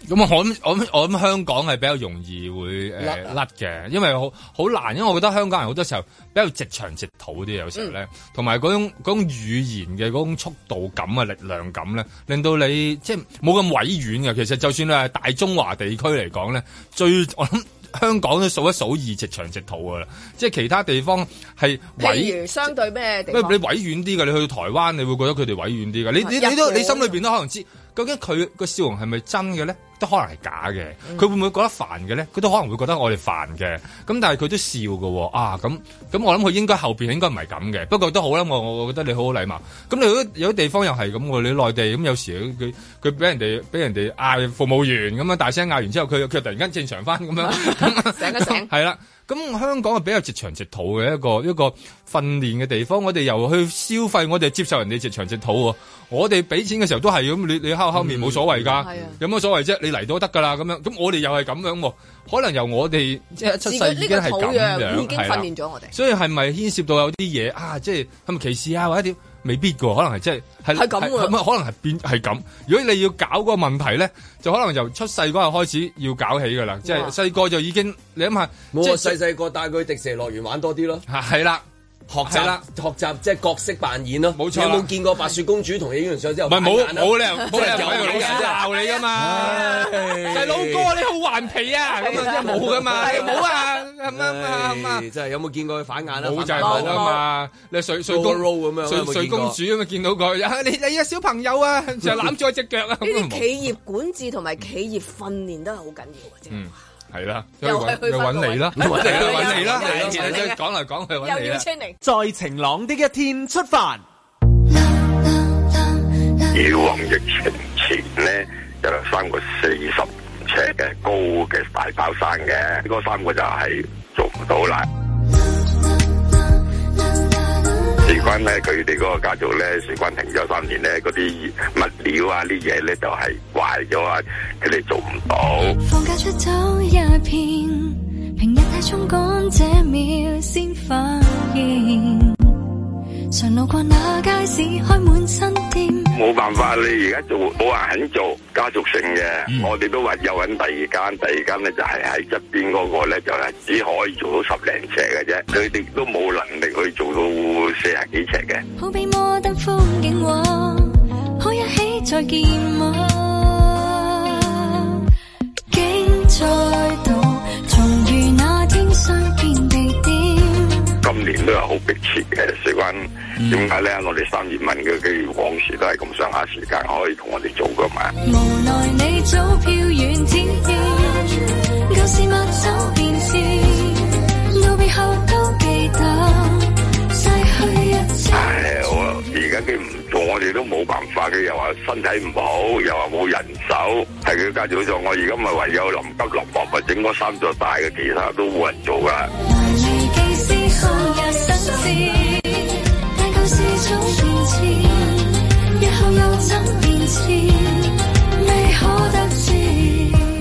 咁我諗我諗我諗香港係比較容易會誒甩嘅，因為好好難，因為我覺得香港人好多時候比較直腸直肚啲，有時候咧，同埋嗰種嗰種語言嘅嗰種速度感啊力量感咧，令到你即係冇咁委婉嘅。其實就算你係大中華地區嚟講咧，最我諗香港都數一數二直腸直肚噶啦。即係其他地方係委，譬如相對咩地方，你委婉啲㗎，你去台灣你會覺得佢哋委婉啲㗎。你你你，你都你心裏邊都可能知。究竟佢個笑容係咪真嘅咧？都可能係假嘅。佢、嗯、會唔會覺得煩嘅咧？佢都可能會覺得我哋煩嘅。咁但係佢都笑嘅喎。啊，咁咁我諗佢應該後邊應該唔係咁嘅。不過都好啦，我我覺得你好好禮貌。咁你有啲地方又係咁嘅。你內地咁有時佢佢佢俾人哋俾人哋嗌服務員咁樣大聲嗌完之後，佢佢突然間正常翻，咁樣，係啦。咁香港係比較直腸直肚嘅一個一個訓練嘅地方，我哋又去消費，我哋接受人哋直腸直肚喎。我哋俾錢嘅時候都係咁，你你敲敲面冇所謂㗎，嗯、有冇所謂啫？嗯、你嚟都得㗎啦，咁樣咁我哋又係咁樣喎。可能由我哋即係出世已經係咁樣，已經訓練咗我哋。所以係咪牽涉到有啲嘢啊？即係係咪歧視啊？或者點？未必噶，可能係即係係係咁噶，可能係變係咁。如果你要搞嗰個問題咧，就可能由出世嗰日開始要搞起噶啦，啊、即係細個就已經，你諗下，啊、即係細細個帶佢去迪士尼樂園玩多啲咯，吓係啦。學習啦，學習即係角色扮演咯，冇錯。有冇見過白雪公主同你影完相之後唔係冇，冇理由冇理由有人鬧你噶嘛？細佬哥你好頑皮啊，咁樣即係冇噶嘛，冇啊，啱啊啱啊，真係有冇見過佢反眼啊？冇就係冇啊嘛，你水水公主咁樣，水公主咁樣見到佢，你你個小朋友啊，就攬住我隻腳啦。呢啲企業管治同埋企業訓練都係好緊要嘅。係啦，又揾你啦，又揾你啦，又揾你啦，又揾你啦。在晴朗的一天出發。以往疫情前咧，有三個四十尺嘅高嘅大包山嘅，呢個三個就係做唔到啦。關係佢哋嗰個家族咧，事關停咗三年咧，嗰啲物料啊啲嘢咧，就係、是、壞咗啊，佢哋做唔到。放假出走一遍平日先發現路過那街市，開滿新店。冇辦法，你而家做冇人肯做，家族性嘅，嗯、我哋都話又搵第二間，第二間咧就係喺側邊嗰個咧就係只可以做到十零尺嘅啫，佢哋都冇能力去做到四十幾尺嘅。好比摩登風景畫，可一起再見嗎？竟再度重遇那天相見。今年都係好迫切嘅，事關點解咧？我哋三二文嘅，佢往事都係咁上下時間可以同我哋做噶嘛？無奈你早飄遠天邊，舊事物走便先。道別後都記得逝去一切。係我而家佢唔做，我哋都冇辦法。嘅。又話身體唔好，又話冇人手，係佢介紹咗我而家咪唯有臨急臨忙咪整嗰三座大嘅，其他都冇人做噶。日日但又怎變遷你可得知？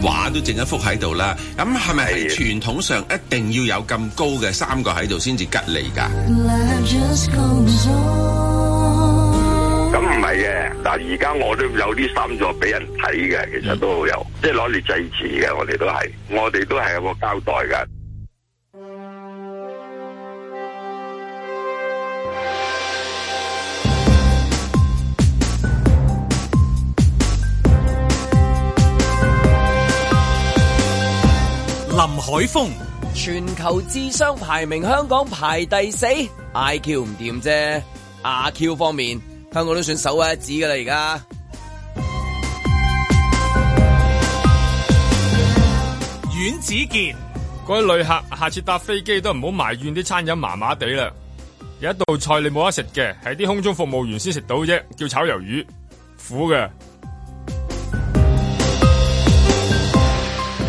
畫都剩一幅喺度啦，咁係咪喺傳統上一定要有咁高嘅三個喺度先至吉利噶？咁唔係嘅，嗱而家我都有啲三座俾人睇嘅，其實都有，即係攞嚟祭祀嘅，我哋都係，我哋都係有個交代噶。林海峰，全球智商排名香港排第四，IQ 唔掂啫，AQ 方面香港都算首屈一指噶啦。而家，阮子健，各位旅客，下次搭飛機都唔好埋怨啲餐飲麻麻哋啦。有一道菜你冇得食嘅，係啲空中服務員先食到啫，叫炒魷魚，苦嘅。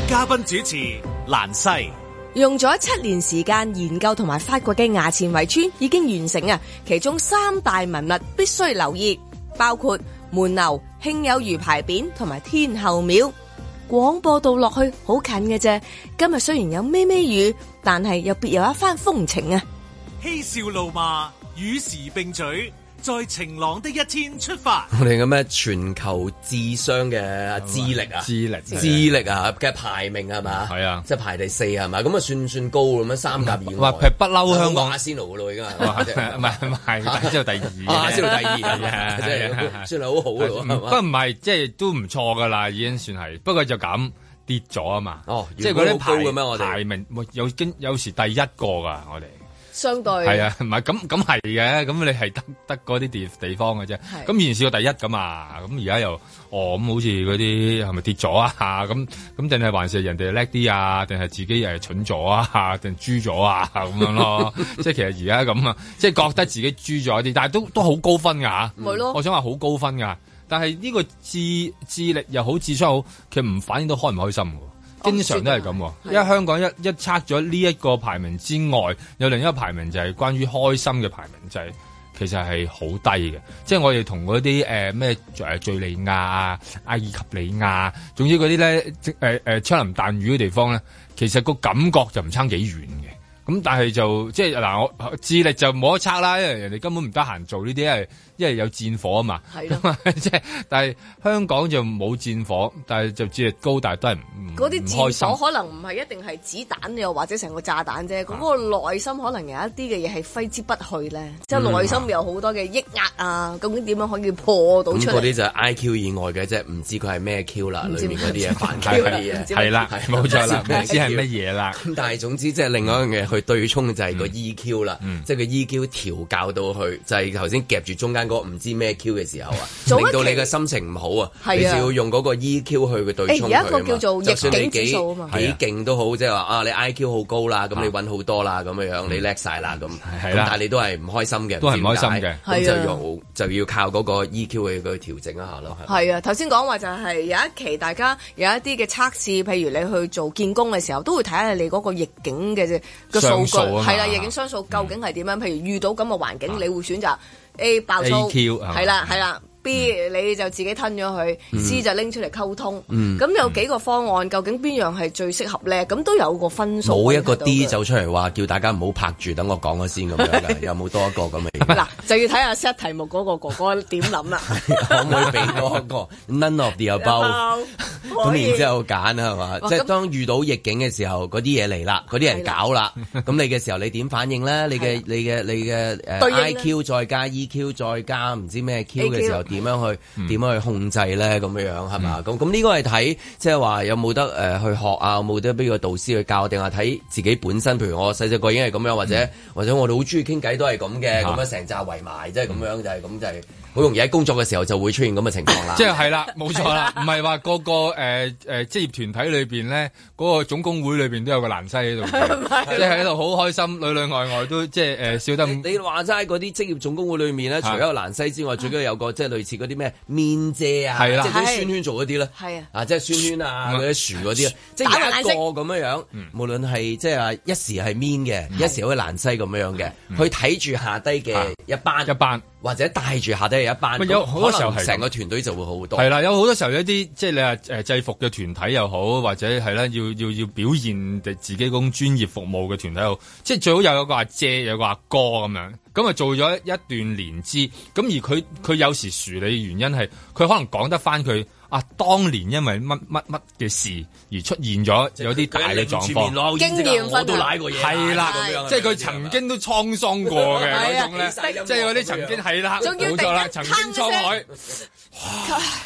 嘉賓主持。蘭西用咗七年時間研究同埋發掘嘅衙前圍村，已經完成啊！其中三大文物必須留意，包括門樓、慶有餘牌匾同埋天后廟。廣播道落去好近嘅啫。今日雖然有咩咩雨，但係又別有一番風情啊！嬉笑怒罵，與時並舉。在晴朗的一天出發。我哋咁咩全球智商嘅智力啊，智力智力啊嘅排名係嘛？係啊，即係排第四係嘛？咁啊，算算高咁樣三甲以外。唔係不嬲香港阿仙奴噶咯，而家係咪？唔係唔係，排到第二，排到第二，係啊，即係算係好好噶咯，係嘛？不唔係，即係都唔錯噶啦，已經算係。不過就咁跌咗啊嘛。哦，即係嗰啲排咁樣，我哋排名有經有時第一個噶，我哋。相對係啊，唔係咁咁係嘅，咁你係得得嗰啲地地方嘅啫。咁以前試過第一噶嘛，咁而家又哦咁，好似嗰啲係咪跌咗啊？咁咁定係還是人哋叻啲啊？定係自己又蠢咗啊？定係豬咗啊？咁樣咯， 即係其實而家咁啊，即係覺得自己豬咗啲，但係都都好高分噶、啊。唔係咯？我想話好高分噶，但係呢個智智力又好，智商好，佢唔反應都開唔開心嘅哦、經常都係咁、啊，的因為香港一一測咗呢一個排名之外，有另一個排名就係關於開心嘅排名，就係其實係好低嘅。即係我哋同啲誒咩誒敘利亞阿爾及利亞總之啲咧，誒誒槍林彈雨嘅地方咧，其實、呃啊啊啊啊、其實個感覺就唔差幾遠。咁但係就即係嗱，我智力就冇得測啦，因為人哋根本唔得閒做呢啲，因為因為有戰火啊嘛。係咯。咁即係但係香港就冇戰火，但係就智力高大都係唔。嗰啲戰火可能唔係一定係子彈又或者成個炸彈啫，咁個內心可能有一啲嘅嘢係揮之不去咧，即係內心有好多嘅抑壓啊，究竟點樣可以破到出嚟？嗰啲就係 I Q 以外嘅啫，唔知佢係咩 Q 啦，裏面嗰啲嘢繁體嘅嘢，係啦，冇錯啦，唔知係乜嘢啦。咁但係總之即係另外一樣嘢。去對沖就係個 EQ 啦，即係個 EQ 調教到去就係頭先夾住中間嗰個唔知咩 Q 嘅時候啊，令到你嘅心情唔好啊，你就要用嗰個 EQ 去嘅對沖佢。一個叫做逆境指數，幾勁都好，即係話啊，你 IQ 好高啦，咁你揾好多啦，咁樣樣你叻晒啦咁，咁但係你都係唔開心嘅，都係唔開心嘅，咁就用就要靠嗰個 EQ 去去調整一下咯。係啊，頭先講話就係有一期大家有一啲嘅測試，譬如你去做見工嘅時候，都會睇下你嗰個逆境嘅啫。數據係啦，夜景雙數究竟係點樣？嗯、譬如遇到咁嘅環境，嗯、你會選擇 A 爆粗係啦，係啦。B 你就自己吞咗佢，C 就拎出嚟溝通。咁有幾個方案，究竟邊樣係最適合咧？咁都有個分數。冇一個 D 走出嚟話叫大家唔好拍住，等我講咗先咁樣嘅。有冇多一個咁啊？嗱，就要睇下 set 題目嗰個哥哥點諗啦。可唔可以俾多一個，None of the above，咁然之後揀啦，係嘛？即係當遇到逆境嘅時候，嗰啲嘢嚟啦，嗰啲人搞啦，咁你嘅時候你點反應咧？你嘅你嘅你嘅誒 IQ 再加 EQ 再加唔知咩 Q 嘅時候。點樣去點樣去控制咧？咁樣、嗯、樣係嘛？咁咁呢個係睇即係話有冇得誒去學啊？有冇得俾個導師去教？定係睇自己本身？譬如我細細個已經係咁樣，或者、嗯、或者我哋好中意傾偈都係咁嘅，咁、啊、樣成紮圍埋，即係咁樣就係咁就係。好容易喺工作嘅時候就會出現咁嘅情況啦。即係係啦，冇錯啦，唔係話個個誒誒職業團體裏邊咧，嗰個總工會裏邊都有個蘭西喺度，即係喺度好開心，裡裡外外都即係誒笑得。你話齋嗰啲職業總工會裏面咧，除咗個蘭西之外，最緊要有個即係類似嗰啲咩面姐啊，即係啲宣宣做嗰啲啦，係啊，啊即係宣宣啊或者薯嗰啲啊，即係一個咁樣樣，無論係即係一時係 mean 嘅，一時好似蘭西咁樣嘅，去睇住下低嘅一班一班。或者帶住下底有一班，有好多時候可能成個團隊就會好好多。係啦，有好多時候一啲即係你話誒制服嘅團體又好，或者係咧要要要表現自己嗰種專業服務嘅團體又好，即係最好有一個阿姐、有個阿哥咁樣，咁啊做咗一段年資，咁而佢佢有時處理嘅原因係，佢可能講得翻佢。啊！當年因為乜乜乜嘅事而出現咗有啲大嘅狀況，經驗我都拉過嘢，係啦，即係佢曾經都滄桑過嘅嗰種咧，即係嗰啲曾經係啦，冇錯啦，曾經滄海。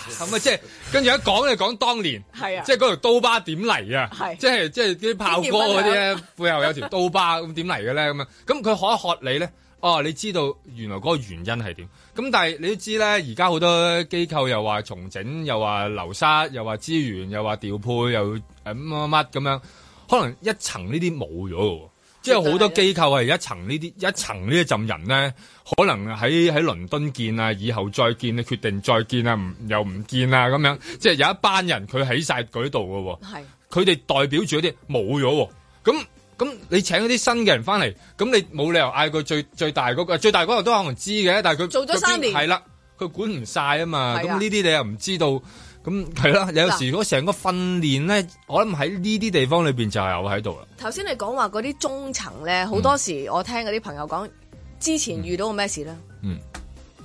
咁啊，即係跟住一講就講當年，即係嗰條刀疤點嚟啊？即係即係啲炮哥嗰啲咧，背後有條刀疤咁點嚟嘅咧？咁啊，咁佢可一學你咧？哦，你知道原來嗰個原因係點？咁但係你都知咧，而家好多機構又話重整，又話流沙，又話資源，又話調配，又誒乜乜乜咁樣。可能一層呢啲冇咗，即係是好多機構係一層呢啲，實一層一呢一陣人咧，可能喺喺倫敦見啊，以後再見啊，決定再見啊，唔又唔見啊咁樣。即係有一班人佢喺晒佢度嘅喎，佢哋代表住嗰啲冇咗咁。咁你請嗰啲新嘅人翻嚟，咁你冇理由嗌佢最最大嗰個最大嗰個都可能知嘅，但係佢做咗三年，係啦，佢管唔晒啊嘛。咁呢啲你又唔知道，咁係啦。有時如果成個訓練咧，嘩我諗喺呢啲地方裏邊就有喺度啦。頭先你講話嗰啲中層咧，好多時我聽嗰啲朋友講，之前遇到個咩事咧？嗯，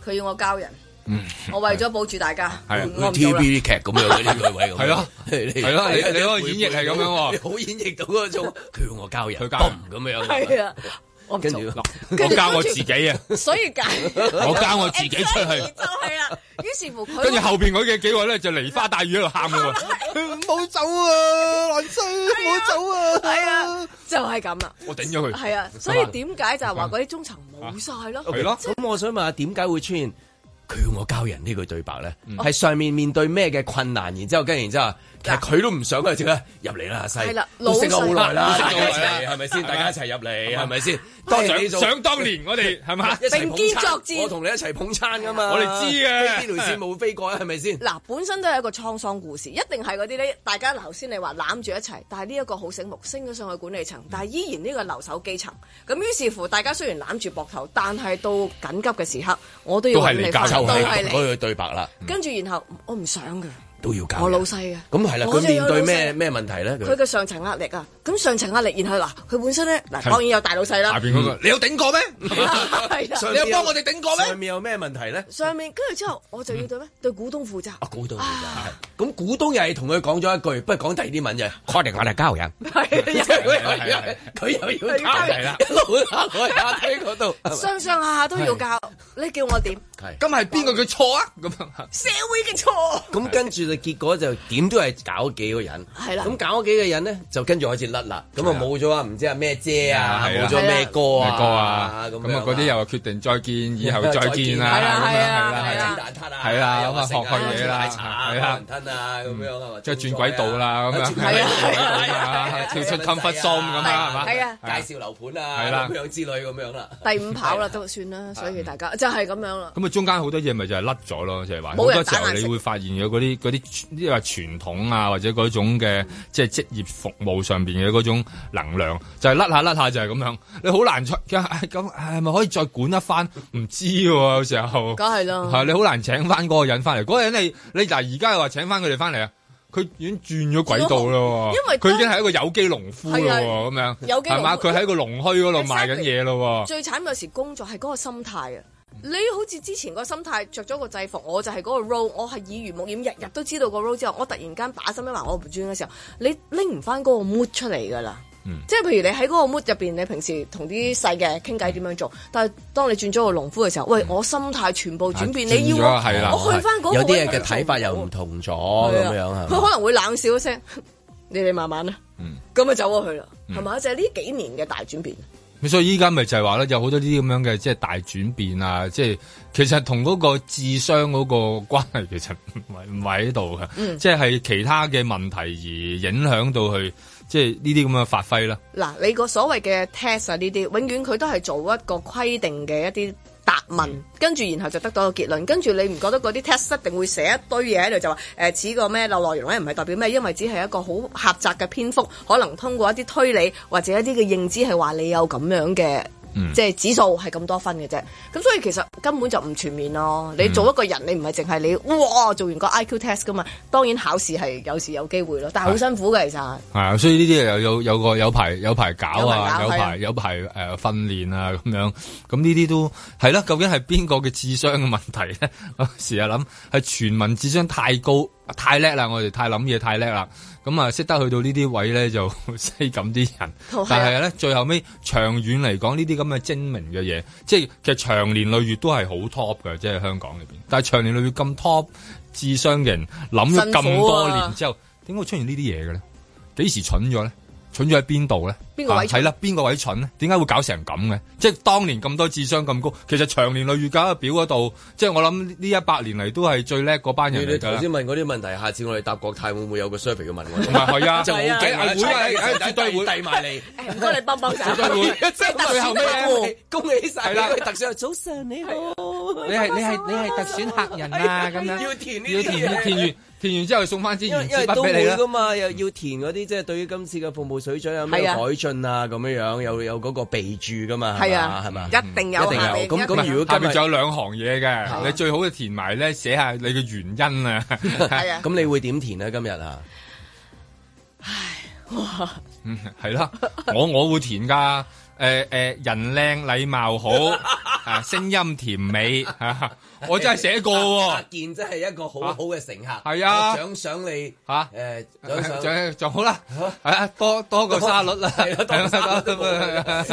佢要我交人。嗯，我為咗保住大家，係 TVB 啲劇咁樣嘅呢幾位咁，係咯，係咯，你你嗰個演繹係咁樣，好演繹到嗰種叫我交人，佢交咁樣，係啊，我唔做，我交我自己啊，所以解，我交我自己出去就係啦，於是乎佢，跟住後邊嗰幾幾位咧就梨花帶雨喺度喊嘅喎，唔好走啊，難追，唔好走啊，係啊，就係咁啦，我頂咗佢，係啊，所以點解就係話嗰啲中層冇晒咯，係咯，咁我想問下點解會穿？佢我教人呢句對白咧，係、嗯、上面面對咩嘅困難，然之後跟然之後。佢都唔想，佢即刻入嚟啦，西，都升咗好耐啦，大家一齊，係咪先？大家一齊入嚟，係咪先？想想當年，我哋係咪？並肩作戰，我同你一齊捧餐噶嘛？我哋知嘅，呢條線冇飛過，係咪先？嗱，本身都係一個滄桑故事，一定係嗰啲咧。大家頭先你話攬住一齊，但係呢一個好醒目，升咗上去管理層，但係依然呢個留守基層。咁於是乎，大家雖然攬住膊頭，但係到緊急嘅時刻，我都要嚟翻都係嚟。對白啦，跟住然後我唔想嘅。都要教我老細嘅，咁係啦，佢面對咩咩問題咧？佢嘅上層壓力啊，咁上層壓力，然後嗱，佢本身咧嗱，當然有大老細啦。下邊嗰個，你有頂過咩？係你有幫我哋頂過咩？上面有咩問題咧？上面跟住之後，我就要對咩？對股東負責。啊，股東負責，咁股東又係同佢講咗一句，不如講第二啲文啫。我哋我哋教人，係啊，佢又要教，一路教落去，打喺嗰度，上上下下都要教，你叫我點？咁係邊個嘅錯啊？咁社會嘅錯。咁跟住就結果就點都係搞幾個人。係啦。咁搞咗幾個人咧，就跟住開始甩啦。咁啊冇咗啊，唔知係咩姐啊，冇咗咩哥啊。哥啊。咁啊，嗰啲又決定再見以後再見啊。係啊係啊，整啊。係啊學學嘢啦。係啊，唔吞啊，咁樣即係轉軌道啦，咁樣。啊係啊，跳出 confusion 咁啊，係啊，介紹樓盤啊，咁樣之類咁樣啦。第五跑啦都算啦，所以大家就係咁樣啦。中間好多嘢咪就係甩咗咯，就係話好多時候你會發現咗嗰啲嗰啲呢啲話傳統啊，或者嗰種嘅即係職業服務上邊嘅嗰種能量，就係、是、甩下甩下就係咁樣。你好難出，咁係咪可以再管一翻？唔知、啊、有時候，梗係啦，你好難請翻嗰個人翻嚟。嗰個人你你嗱而家又話請翻佢哋翻嚟啊？佢已經轉咗軌道啦，因為佢已經係一個有機農夫啦，咁樣係嘛？佢喺個農墟嗰度賣緊嘢咯。最慘有時工作係嗰個心態啊！你好似之前個心態着咗個制服，我就係嗰個 role，我係耳濡目染，日日都知道個 role 之後，我突然間把心一橫，我唔轉嘅時候，你拎唔翻嗰個 mood 出嚟噶啦。即係譬如你喺嗰個 mood 入邊，你平時同啲細嘅傾偈點樣做，但係當你轉咗個農夫嘅時候，喂，我心態全部轉變，你要我去翻嗰有啲嘢嘅睇法又唔同咗咁樣。佢可能會冷笑一聲，你哋慢慢啦。嗯，咁咪走咗去啦，係咪？就係呢幾年嘅大轉變。咁所以依家咪就係話咧，有好多呢啲咁樣嘅即係大轉變啊！即係其實同嗰個智商嗰個關係其實唔係唔係喺度嘅，即係、嗯、其他嘅問題而影響到去即係呢啲咁嘅發揮啦。嗱，你個所謂嘅 test 啊，呢啲永遠佢都係做一個規定嘅一啲。問，嗯、跟住然後就得到個結論，跟住你唔覺得嗰啲 test 一定會寫一堆嘢喺度，就話誒，似個咩內容咧？唔係代表咩，因為只係一個好狹窄嘅篇幅，可能通過一啲推理或者一啲嘅認知，係話你有咁樣嘅。嗯、即係指數係咁多分嘅啫，咁所以其實根本就唔全面咯。你做一個人，你唔係淨係你，哇，做完個 IQ test 㗎嘛，當然考試係有時有機會咯，但係好辛苦嘅其實。係啊，所以呢啲又有有，有個有排有排搞啊，有排有排誒訓練啊咁樣，咁呢啲都係啦。究竟係邊個嘅智商嘅問題咧？我時時諗係全民智商太高。太叻啦！我哋太諗嘢太叻啦，咁啊識得去到 呢啲位咧就西咁啲人，但係咧最後尾長遠嚟講呢啲咁嘅精明嘅嘢，即係其實長年累月都係好 top 嘅，即係香港裏邊。但係長年累月咁 top 智商嘅人諗咗咁多年之後，點解、啊、會出現呢啲嘢嘅咧？幾時蠢咗咧？蠢咗喺邊度咧？邊個位睇啦？邊個位蠢咧？點解會搞成咁嘅？即係當年咁多智商咁高，其實長年累月搞喺表嗰度。即係我諗呢一百年嚟都係最叻嗰班人嚟噶啦。先問嗰啲問題，下次我哋搭國泰會唔會有個 surprise 嘅問題？唔係，係啊，就冇計，會啊，絕對會遞埋你，唔該你幫幫手。絕對會，即係特選客戶，恭喜晒！係啦，特選早上你好，你係你係你係特選客人啊，咁啊，要填呢啲填完。填完之後送翻支原紙都俾你嘛，又要填嗰啲即係對於今次嘅服務水準有咩改進啊，咁樣樣有有嗰個備註噶嘛，係啊，係嘛，一定有，一定有。咁咁如果下邊仲有兩行嘢嘅，你最好就填埋咧，寫下你嘅原因啊。咁你會點填啊？今日啊，唉，哇，嗯，係啦，我我會填噶。誒誒，人靚禮貌好，啊，聲音甜美，我真係寫過，件真係一個好好嘅乘客，係啊，獎賞你吓，誒，獎好啦，係啊，多多個沙律啦，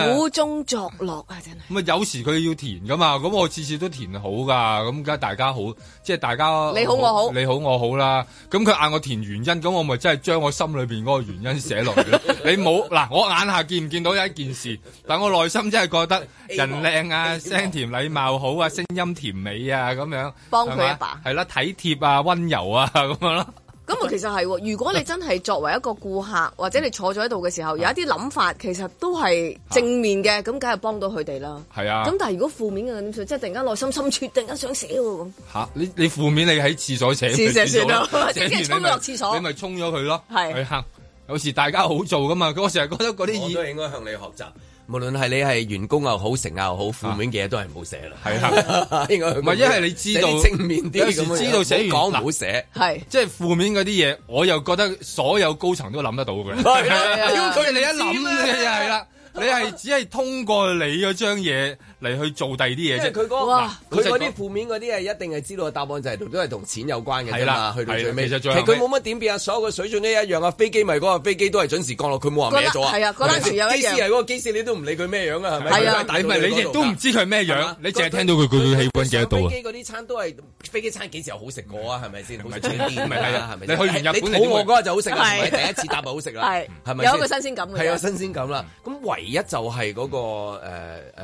苦中作樂啊，真係。咁啊，有時佢要填噶嘛，咁我次次都填好噶，咁梗係大家好，即係大家你好我好，你好我好啦，咁佢嗌我填原因，咁我咪真係將我心裏邊嗰個原因寫落去。你冇嗱，我眼下見唔見到有一件事？但我內心真係覺得人靚啊，聲甜、禮貌好啊，聲音甜美啊，咁樣幫佢一把，係啦，體貼啊，溫柔啊，咁樣咯。咁啊，其實係，如果你真係作為一個顧客，或者你坐咗喺度嘅時候，有一啲諗法，其實都係正面嘅，咁梗係幫到佢哋啦。係啊。咁但係如果負面嘅，即係突然間內心深處，突然間想寫喎咁。吓，你你負面你喺廁所寫，廁廁到，直接沖落廁所，你咪沖咗佢咯。係。有時大家好做噶嘛，我成日覺得嗰啲我都應該向你學習。無論係你係員工又好，成又好，負面嘅嘢都係唔好寫啦。係啊，唔係一係你知道正面啲，有知道寫講，唔好寫，係即係負面嗰啲嘢，我又覺得所有高層都諗得到嘅。係啊，因為佢你一諗就係啦，你係只係通過你嗰張嘢嚟去做第二啲嘢，即係佢嗰個佢嗰啲負面嗰啲係一定係知道嘅答案就係都係同錢有關嘅啫嘛，佢冇乜點變啊，所有嘅水準都一樣啊。飛機咪嗰個飛機都係準時降落，佢冇話歪咗啊。係啊，嗰單船又機師係嗰個機師，你都唔理佢咩樣啊，係咪？係啊，但係你亦都唔知佢係咩樣？你淨係聽到佢佢氣氛幾，飛機嗰啲餐都係飛機餐，幾時有好食過啊？係咪先？唔係，係啊，係咪？你去完日本你肚嗰日就好食啦，第一次搭唔好食啦，係咪？有個新鮮感嘅，係有新鮮感啦。咁唯一就係嗰個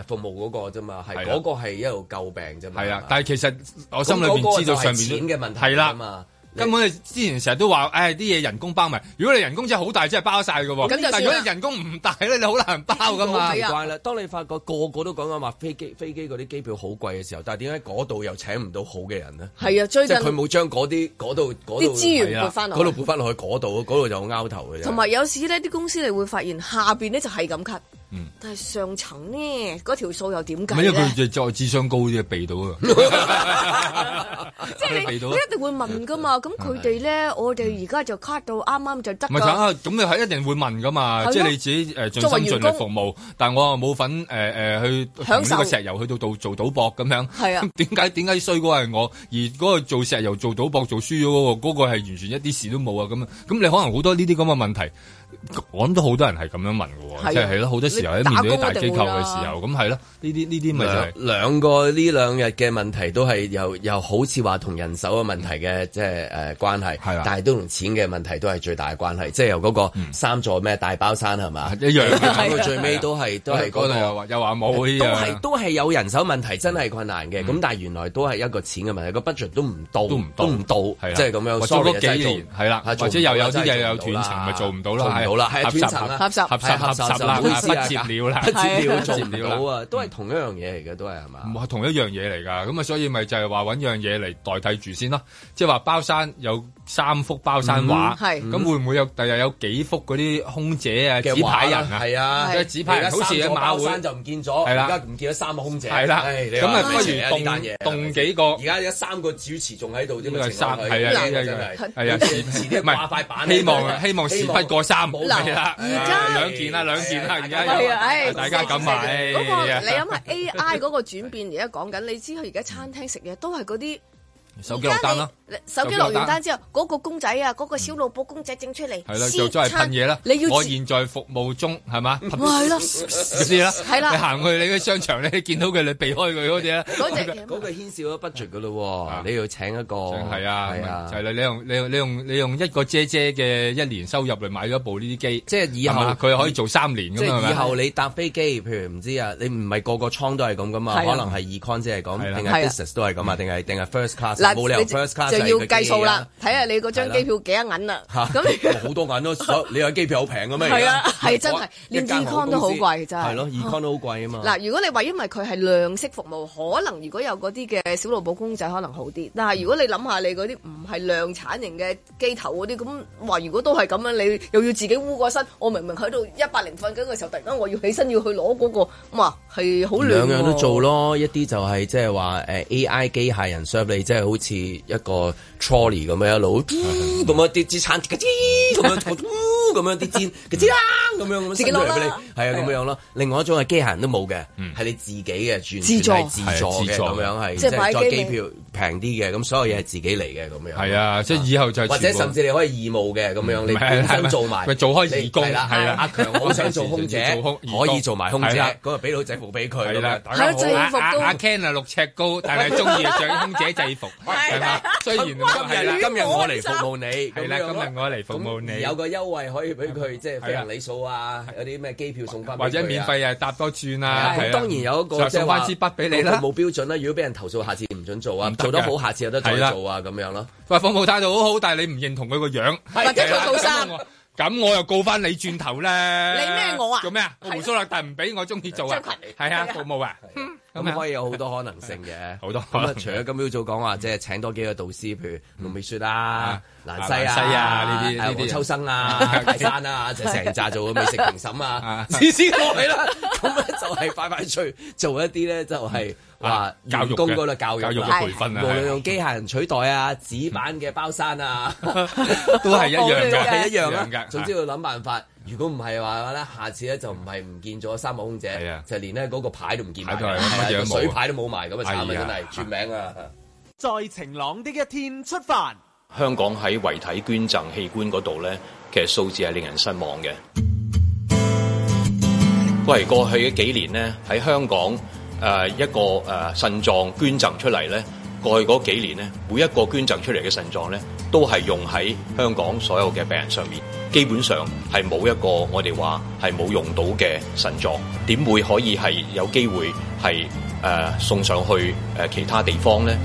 服務嗰啫嘛，係嗰個係一路救病啫嘛。係啊，但係其實我心裏邊知道上面嘅問題係啦嘛，根本你之前成日都話，誒啲嘢，人工包埋。如果你人工真係好大，真係包晒噶。咁如果你人工唔大咧，你好難包噶。好奇怪啦！當你發覺個個都講緊話，飛機飛機嗰啲機票好貴嘅時候，但係點解嗰度又請唔到好嘅人呢？係啊，追近佢冇將嗰啲嗰度啲資源撥翻落去嗰度，嗰度就拗頭嘅。同埋有時呢啲公司你會發現下邊呢就係咁 cut 嗯，但係上層呢，嗰條數又點解？因為佢再智商高啲，避到啊！ 即係你，你一定會問噶嘛？咁佢哋咧，嗯、我哋而家就卡到啱啱就得。唔係啊，咁又係一定會問噶嘛？啊、即係你自己誒盡心盡力服務，但我又冇份誒誒去享受個石油去到做做賭博咁樣。係啊上，點解點解衰嘅係我，而嗰個做石油做賭博做輸咗喎？嗰、嗰個係完全一啲事都冇啊！咁樣，咁你可能好多呢啲咁嘅問題。我諗到好多人係咁樣問嘅喎，即係係咯，好多時候喺面對啲大機構嘅時候，咁係咯，呢啲呢啲咪就係兩個呢兩日嘅問題都係又又好似話同人手嘅問題嘅，即係誒關係，但係都同錢嘅問題都係最大嘅關係，即係由嗰個三座咩大包山係嘛一樣，到最尾都係都係嗰度又話冇呢啲，都係都係有人手問題真係困難嘅，咁但係原來都係一個錢嘅問題，個 budget 都唔到，都唔到，係啦，做多幾年係啦，或者又有啲又有斷層，咪做唔到啦。係啦，合集啦，啊、合集合集合集啦，不接了啦，不接了，接唔到啊，了了都係同一樣嘢嚟嘅，都係係嘛，唔係同一樣嘢嚟㗎，咁啊，所以咪就係話揾樣嘢嚟代替住先咯，即係話包山有。三幅包山畫，咁會唔會有第日有幾幅嗰啲空姐啊、紙牌人啊？係啊，即係紙牌人。好似馬會就唔見咗，係啦，而家唔見咗三個空姐。係啦，咁啊，不如凍單嘢，凍幾個。而家而家三個主持仲喺度啫嘛，剩係係啊，真係係啊，主持啲唔係塊板。希望希望事不過三。冇啦，而家兩件啦，兩件啦，而家大家咁買。嗰個你諗下 AI 嗰個轉變而家講緊，你知佢而家餐廳食嘢都係嗰啲。手機落單咯，手機落完單之後，嗰個公仔啊，嗰個小老婆公仔整出嚟，係啦，又再係噴嘢啦。你要，我現在服務中係嘛？係咯，知啦，係啦。行去你嘅商場咧，見到佢你避開佢嗰隻，嗰隻，嗰個牽少咗 budget 噶咯。你要請一個係啊，係啊，就係你用你用你用你用一個姐姐嘅一年收入嚟買咗部呢啲機，即係以後佢可以做三年咁啊。以後你搭飛機，譬如唔知啊，你唔係個個艙都係咁噶嘛？可能係 economy 係咁，定係 business 都係咁啊，定係定係 first class。就要計數啦，睇下你嗰張機票幾多銀啊？咁好多銀咯！你有機票好平嘅咩？係啊，係真係連 Econ 都好貴，真係。係咯 Econ 都好貴啊嘛。嗱，如果你話因為佢係量式服務，可能如果有嗰啲嘅小勞保公仔可能好啲。但係如果你諗下你嗰啲唔係量產型嘅機頭嗰啲，咁話，如果都係咁樣，你又要自己污過身，我明明喺度一百零分。緊嘅時候，突然間我要起身要去攞嗰個，哇，係好兩樣都做咯，一啲就係即係話誒 AI 機械人 service 即係好。好似一個 trolley 咁樣，一路咁一啲資產跌嘅尖咁樣，咁樣跌尖，跌尖咁樣咁自己攞啦，係啊咁樣樣咯。另外一種係機械人都冇嘅，係你自己嘅全自助，自助嘅咁樣係，即係買機票。平啲嘅，咁所有嘢係自己嚟嘅咁樣。係啊，即係以後就或者甚至你可以義務嘅咁樣，你都想做埋。咪做開義工係啦，阿強我想做空姐，可以做埋空姐。嗰個俾老仔服俾佢。係啦，大家好啊。阿 Ken 啊，六尺高，但係中意著空姐制服。係啊，雖然今日今日我嚟服務你，今日我嚟服務你。有個優惠可以俾佢，即係飛行里數啊，有啲咩機票送翻。或者免費啊，搭多轉啊。當然有一個即係支筆俾你啦，冇標準啦。如果俾人投訴，下次唔准做啊，做得好，下次有得再做啊！咁樣咯。喂，服務態度好好，但係你唔認同佢個樣，或者佢套衫。咁我又告翻你轉頭咧。你咩我啊？做咩啊？胡鬚啦，但唔俾我中意做啊。係啊，服務啊。咁可以有好多可能性嘅，好多咁啊！除咗今朝早講話，即係請多幾個導師，譬如盧覓雪啦、蘭西啊、呢啲、秋生啊、大山啊，就成紮做美食評審啊，除此之外啦，咁咧就係快快脆做一啲咧，就係話教育嗰度教育、教育嘅培訓啊，無論用機械人取代啊，紙板嘅包山啊，都係一樣嘅，係一樣啦。總之要諗辦法。如果唔係話咧，下次咧就唔係唔見咗三個空姐，啊、就連咧嗰個牌都唔見埋、啊啊啊，水牌都冇埋，咁啊慘啊真係，絕名啊！在、啊啊、晴朗的一天出發。香港喺遺體捐贈器官嗰度咧，其實數字係令人失望嘅。喂，過去嘅幾年呢，喺香港誒、呃、一個誒、呃、腎臟捐贈出嚟咧。過去嗰幾年咧，每一個捐贈出嚟嘅腎臟咧，都係用喺香港所有嘅病人上面，基本上係冇一個我哋話係冇用到嘅腎臟，點會可以係有機會係誒送上去誒其他地方咧？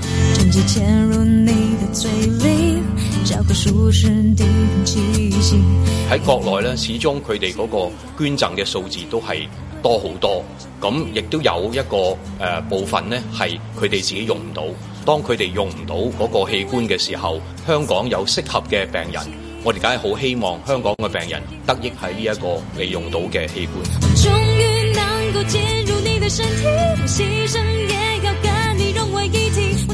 喺國內咧，始終佢哋嗰個捐贈嘅數字都係多好多，咁亦都有一個誒部分咧，係佢哋自己用唔到。當佢哋用唔到嗰個器官嘅時候，香港有適合嘅病人，我哋梗係好希望香港嘅病人得益喺呢一個未用到嘅器官。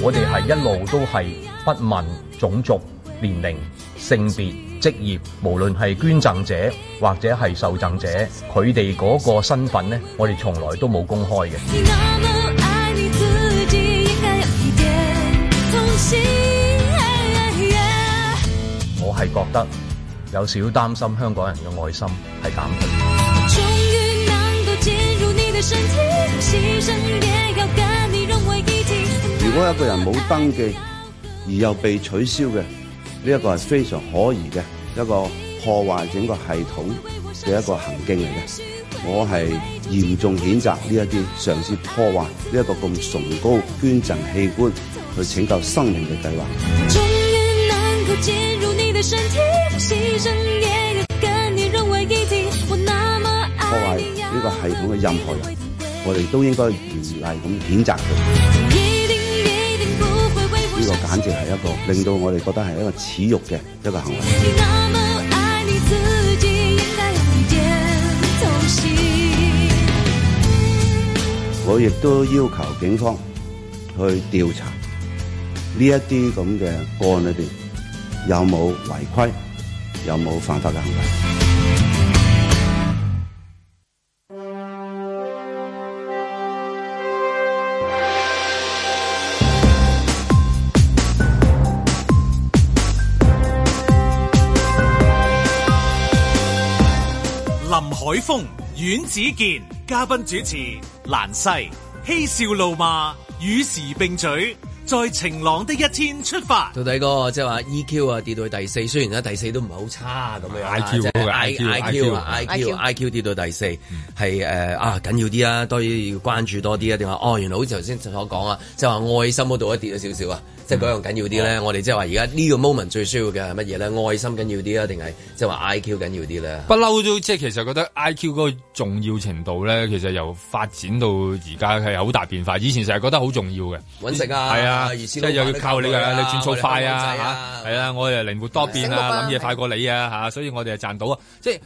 我哋係一路都係不問種族、年齡、性別、職業，無論係捐贈者或者係受贈者，佢哋嗰個身份呢，我哋從來都冇公開嘅。係覺得有少少擔心香港人嘅愛心係減退。如果一個人冇登記而又被取消嘅，呢一個係非常可疑嘅，一個破壞整個系統嘅一個行徑嚟嘅。我係嚴重譴責呢一啲嘗試破壞呢一個咁崇高捐贈器官去拯救生命嘅計劃。 破壞呢個系統嘅任何人，我哋都應該嚴厲咁譴責佢。呢個簡直係一個令到我哋覺得係一個恥辱嘅一個行為。我亦都要求警方去調查呢一啲咁嘅個案裏邊。有冇違規？有冇犯法嘅行為？林海峰、阮子健，嘉賓主持，蘭西嬉笑怒罵，與時並嘴。在晴朗的一天出發。到底嗰個即係話 EQ 啊跌到第四，雖然咧第四都唔係好差咁樣。IQ 啊，IQ 啊，IQ，IQ 跌到第四係誒啊緊要啲啊，當然要關注多啲啊，定話哦原來好似頭先所講啊，即係話愛心嗰度一跌咗少少啊，即係嗰樣緊要啲咧。我哋即係話而家呢個 moment 最需要嘅係乜嘢咧？愛心緊要啲啊，定係即係話 IQ 緊要啲咧？不嬲都即係其實覺得 IQ 嗰個重要程度咧，其實由發展到而家係有好大變化。以前成日覺得好重要嘅揾食啊，係啊。即係又要靠你嘅，你轉數快啊，吓係啦，我哋靈活多變啊，諗嘢快過你啊，吓，所以我哋就賺到啊，即係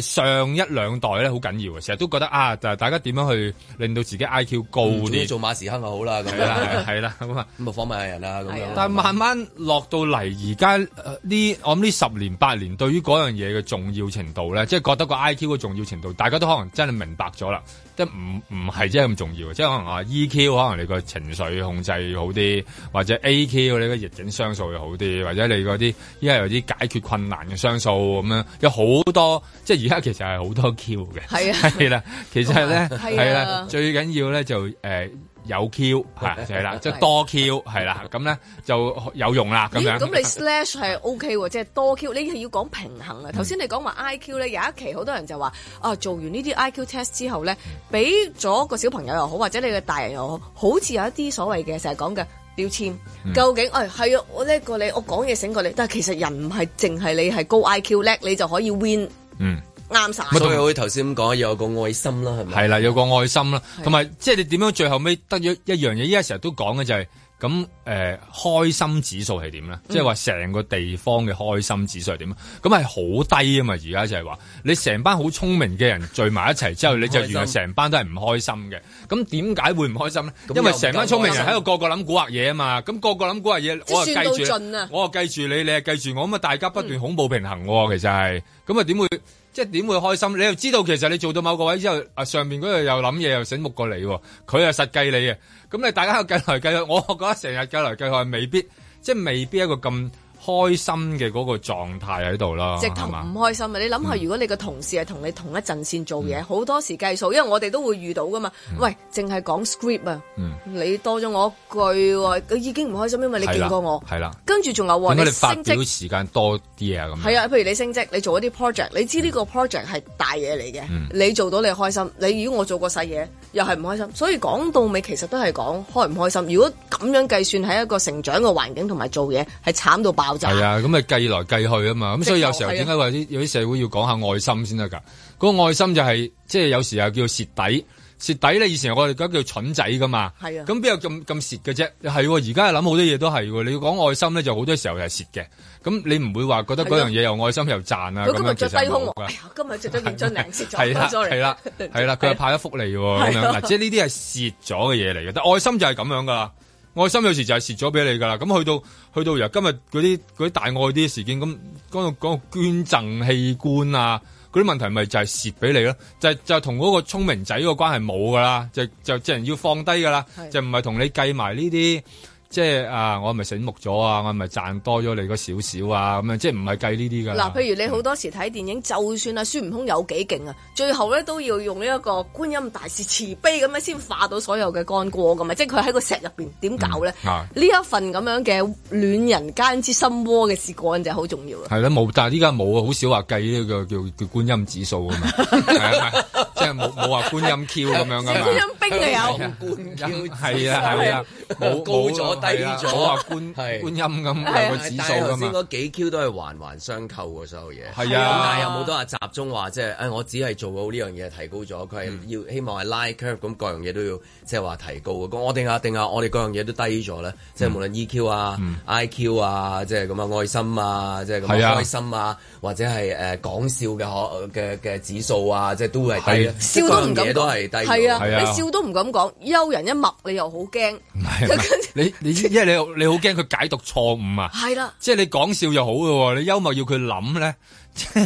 誒上一兩代咧好緊要啊，成日都覺得啊，就係大家點樣去令到自己 I Q 高啲，做馬時亨咪好啦，咁樣係啦，咁啊咁啊訪問下人啦，咁樣。但係慢慢落到嚟，而家呢，我諗呢十年八年，對於嗰樣嘢嘅重要程度咧，即係覺得個 I Q 嘅重要程度，大家都可能真係明白咗啦。即係唔唔係真係咁重要，即係可能啊、e、EQ 可能你個情緒控制好啲，或者 AQ 你個逆境商數又好啲，或者你嗰啲依家有啲解決困難嘅商數咁樣，有好多即係而家其實係好多 Q 嘅，係是、啊、啦，其實咧係是、啊、啦，是啊、最緊要咧就誒。呃有 Q 係就係啦，即係的多 Q 係啦，咁咧就有用啦咁、欸、樣。咁、欸、你 Slash 係 OK 喎，即係多 Q，你係要講平衡啊。頭先、嗯、你講埋 I Q 咧，有一期好多人就話啊，做完呢啲 I Q test 之後咧，俾咗個小朋友又好，或者你嘅大人又好，好似有一啲所謂嘅成日講嘅標籤。究竟誒係啊，我叻過你，我講嘢醒過你，但係其實人唔係淨係你係高 I Q 叻，你就可以 win。嗯嗯啱晒，所以好似頭先咁講，有個愛心啦，係咪的？係啦，有個愛心啦，同埋即係你點樣最後尾得咗一樣嘢？依家成日都講嘅就係咁誒，開心指數係點咧？嗯、即係話成個地方嘅開心指數係點？咁係好低啊嘛！而家就係話你成班好聰明嘅人聚埋一齊之後，你就原來成班都係唔開心嘅。咁點解會唔開心呢？因為成班聰明人喺度個個諗蠱惑嘢啊嘛！咁、那個個諗蠱惑嘢，我啊計住，我啊計住你，你啊計住我，咁啊大家不斷恐怖平衡、哦，其實係咁啊點會？即係點會開心？你又知道其實你做到某個位之後，啊上面嗰度又諗嘢又醒目過你喎、哦，佢係實計你嘅，咁、嗯、你大家計嚟計去，我覺得成日計嚟計去未必，即係未必一個咁。開心嘅嗰個狀態喺度啦，直頭唔開心啊！吧你諗下，如果你個同事係同你同一陣線做嘢，好、嗯、多時計數，因為我哋都會遇到噶嘛。嗯、喂，淨係講 script 啊，嗯、你多咗我一句，佢已經唔開心，因為你見過我，係啦了。跟住仲有話，你升職你時間多啲啊？咁係啊，譬如你升職，你做一啲 project，你知呢個 project 係大嘢嚟嘅，嗯、你做到你開心。你如果我做過細嘢，又係唔開心。所以講到尾，其實都係講開唔開心。如果咁樣計算，喺一個成長嘅環境同埋做嘢，係慘到爆。係啊，咁咪計來計去啊嘛，咁所以有時候點解話啲有啲社會要講下愛心先得噶？嗰個愛心就係即係有時候叫蝕底，蝕底咧以前我哋而家叫蠢仔噶嘛，係啊，咁邊有咁咁蝕嘅啫？係而家諗好多嘢都係，你要講愛心咧就好多時候又係蝕嘅，咁你唔會話覺得嗰樣嘢又愛心又賺啊咁樣其實。今日着低胸，哎呀，今日着咗件真領蝕咗，蝕咗嚟，係啦，係啦，佢係派咗福利咁樣，嗱，即係呢啲係蝕咗嘅嘢嚟嘅，但係愛心就係咁樣噶啦。愛心有時就係蝕咗俾你噶啦，咁去到去到由今日嗰啲啲大愛啲事件，咁講到捐贈器官啊，嗰啲問題咪就係蝕俾你咯，就就同嗰個聰明仔個關係冇噶啦，就就即係要放低噶啦，的就唔係同你計埋呢啲。即係啊！我係咪醒目咗啊？我係咪賺多咗你個少少啊？咁啊，即係唔係計呢啲㗎？嗱，譬如你好多時睇電影，就算啊，孫悟空有幾勁啊，最後咧都要用呢一個觀音大士慈悲咁樣先化到所有嘅幹過咁啊！即係佢喺個石入邊點搞咧？呢一份咁樣嘅戀人間之心窩嘅事幹就好重要啦。係啦，冇，但係依家冇啊，好少話計呢個叫叫觀音指數啊嘛，即係冇冇話觀音 Q 咁樣㗎嘛。觀音兵又有。觀 Q 係啊係啊，冇冇咗。低咗啊！觀係觀音咁兩個指數噶嘛。但係頭先嗰幾 Q 都係環環相扣個所有嘢。係啊，但係有冇都係集中話即係，誒，我只係做到呢樣嘢提高咗。佢係要希望係 line curve 咁，各樣嘢都要即係話提高。咁我定下定下，我哋各樣嘢都低咗咧。即係無論 EQ 啊、IQ 啊，即係咁啊，愛心啊，即係咁啊，愛心啊，或者係誒講笑嘅可嘅嘅指數啊，即係都係低。笑都唔敢講，係啊，你笑都唔敢講，幽人一默你又好驚。係啊，你。 因為你你好驚佢解讀錯誤啊，係啦，即係你講笑又好嘅，你幽默要佢諗咧。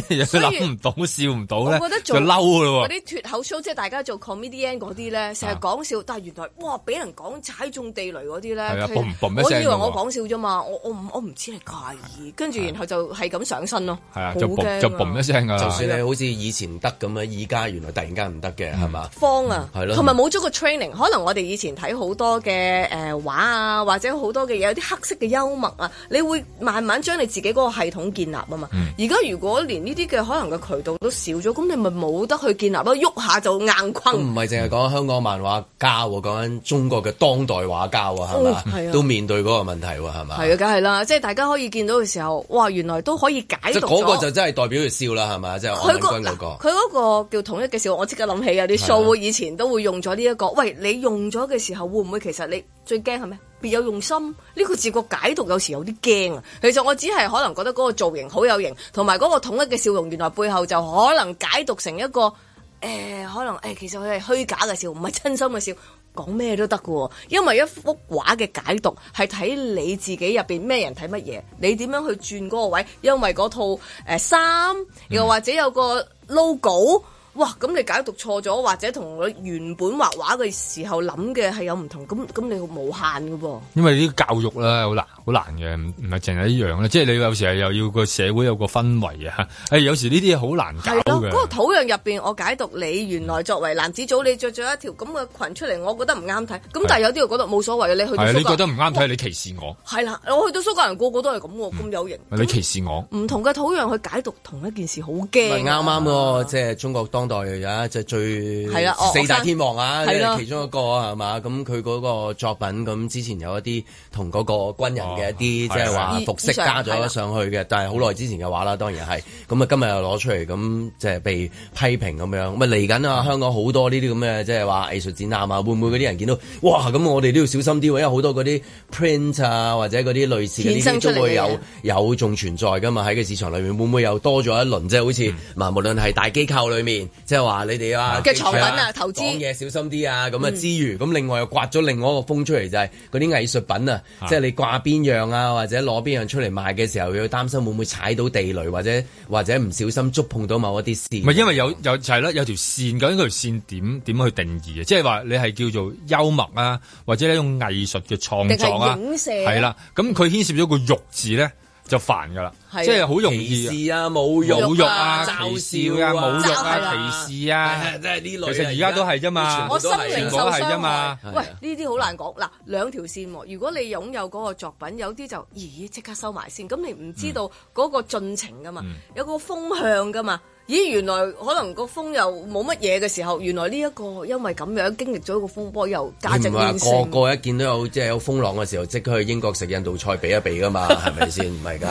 有以諗唔到，笑唔到咧，我覺得仲嬲㗎喎！嗰啲脫口 show，即係大家做 comedian 嗰啲咧，成日講笑，但係原來哇，俾人講踩中地雷嗰啲咧，我以為我講笑咋嘛，我我唔我唔知你介意，跟住然後就係咁上身咯，係啊，就嘣一聲啊，就算你好似以前得咁樣，而家原來突然間唔得嘅係嘛？慌啊，係咯，同埋冇咗個 training，可能我哋以前睇好多嘅誒畫啊，或者好多嘅嘢，有啲黑色嘅幽默啊，你會慢慢將你自己嗰個系統建立啊嘛。而家如果連呢啲嘅可能嘅渠道都少咗，咁你咪冇得去建立咯，喐下就硬框。唔係淨係講香港漫畫家，講緊、嗯、中國嘅當代畫家、哦、啊，係咪？係啊，都面對嗰個問題喎，係咪？係 啊，梗係啦，即係大家可以見到嘅時候，哇，原來都可以解讀。即嗰個就真係代表佢笑啦，係咪？即係王力佢嗰個叫統一嘅時候，我即刻諗起啊，啲商戶以前都會用咗呢一個，喂，你用咗嘅時候會唔會其實你最驚係咩？別有用心呢、這個字嘅解讀有時有啲驚啊。其實我只係可能覺得嗰個造型好有型，同埋嗰個統一嘅笑容，原來背後就可能解讀成一個誒、欸，可能誒、欸，其實佢係虛假嘅笑，唔係真心嘅笑，講咩都得噶。因為一幅畫嘅解讀係睇你自己入邊咩人睇乜嘢，你點樣去轉嗰個位，因為嗰套誒衫、呃、又或者有個 logo。哇！咁你解讀錯咗，或者同佢原本畫畫嘅時候諗嘅係有唔同，咁咁你好無限嘅噃，因為呢啲教育咧好難。好難嘅，唔係淨係一樣嘅。即係你有時係又要個社會有個氛圍啊，誒、哎，有時呢啲嘢好難搞嘅。嗰、那個土壤入邊，我解讀你原來作為男子組，你着咗一條咁嘅裙出嚟，我覺得唔啱睇。咁但係有啲又覺得冇的所謂，你去係你覺得唔啱睇，我你歧視我。係啦，我去到蘇格蘭，個個都係咁，咁有型。嗯、麼你歧視我？唔同嘅土壤去解讀同一件事，好驚、啊。啱啱喎，即係、就是、中國當代有一隻最、哦、四大天王啊，其中一個係嘛，咁佢嗰個作品，咁之前有一啲同嗰個軍人。一啲即係話服飾上加咗上去嘅，但係好耐之前嘅話啦，當然係。咁啊、嗯，今日又攞出嚟，咁即係被批評咁樣。咁啊，嚟緊啊，香港好多呢啲咁嘅，即係話藝術展覽啊，會唔會嗰啲人見到哇？咁我哋都要小心啲喎，因為好多嗰啲 print 啊，或者嗰啲類似嘅嘢都會有有仲存在㗎嘛，喺個市場裏面會唔會又多咗一輪？即、就、係、是、好似嗱，嗯、無論係大機構裏面，即係話你哋啊嘅藏品啊，投資講嘢小心啲啊。咁啊之餘，咁、嗯、另外又刮咗另外一個風出嚟就係嗰啲藝術品啊，嗯、即係你掛邊？樣啊，或者攞邊樣出嚟賣嘅時候，要擔心會唔會踩到地雷，或者或者唔小心觸碰到某一啲線。唔係，因為有有就係咯，有條、就是、線咁，嗰條線點點去定義嘅？即係話你係叫做幽默啊，或者呢種藝術嘅創作啊，係啦。咁佢牽涉咗個辱字咧。就煩噶啦，即係好容易啊！侮辱啊、嘲笑啊、侮辱啊、歧視啊，其實而家都係啫嘛，我心靈都係啫嘛。喂，呢啲好難講嗱，兩條線喎。如果你擁有嗰個作品，有啲就，咦，即刻收埋先。咁你唔知道嗰個進程噶嘛，有個風向噶嘛。咦，原來可能個風又冇乜嘢嘅時候，原來呢、這、一個因為咁樣經歷咗一個風波，又價值變性。唔係話個個一見到有即係、就是、有風浪嘅時候，即刻去英國食印度菜避一避噶嘛，係咪先？唔係㗎，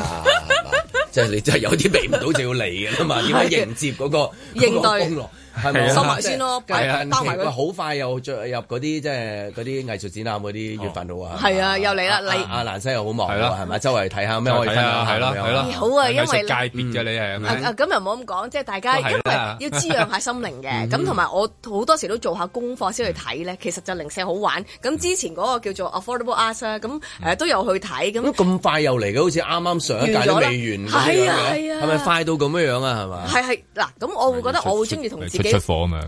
即係、 就是、你真係有啲避唔到就要嚟㗎嘛，點去 迎接嗰、那個那個風浪？應收埋先咯，包埋佢。好快又著入嗰啲即係嗰啲藝術展覽嗰啲月份度啊！係啊，又嚟啦，阿蘭西又好忙係啦，係咪周圍睇下咩可以睇下？係咯，係咯，好啊，因為界別嘅你係啊啊，咁又唔好咁講，即係大家因為要滋養下心靈嘅咁，同埋我好多時都做下功課先去睇咧。其實就零舍好玩咁，之前嗰個叫做 Affordable Arts 啊，咁誒都有去睇咁。咁咁快又嚟嘅，好似啱啱上一屆未完嘅樣咧，係啊係啊，係咪快到咁嘅樣啊？係嘛？係係嗱，咁我會覺得我會中意同自己。出火啊嘛！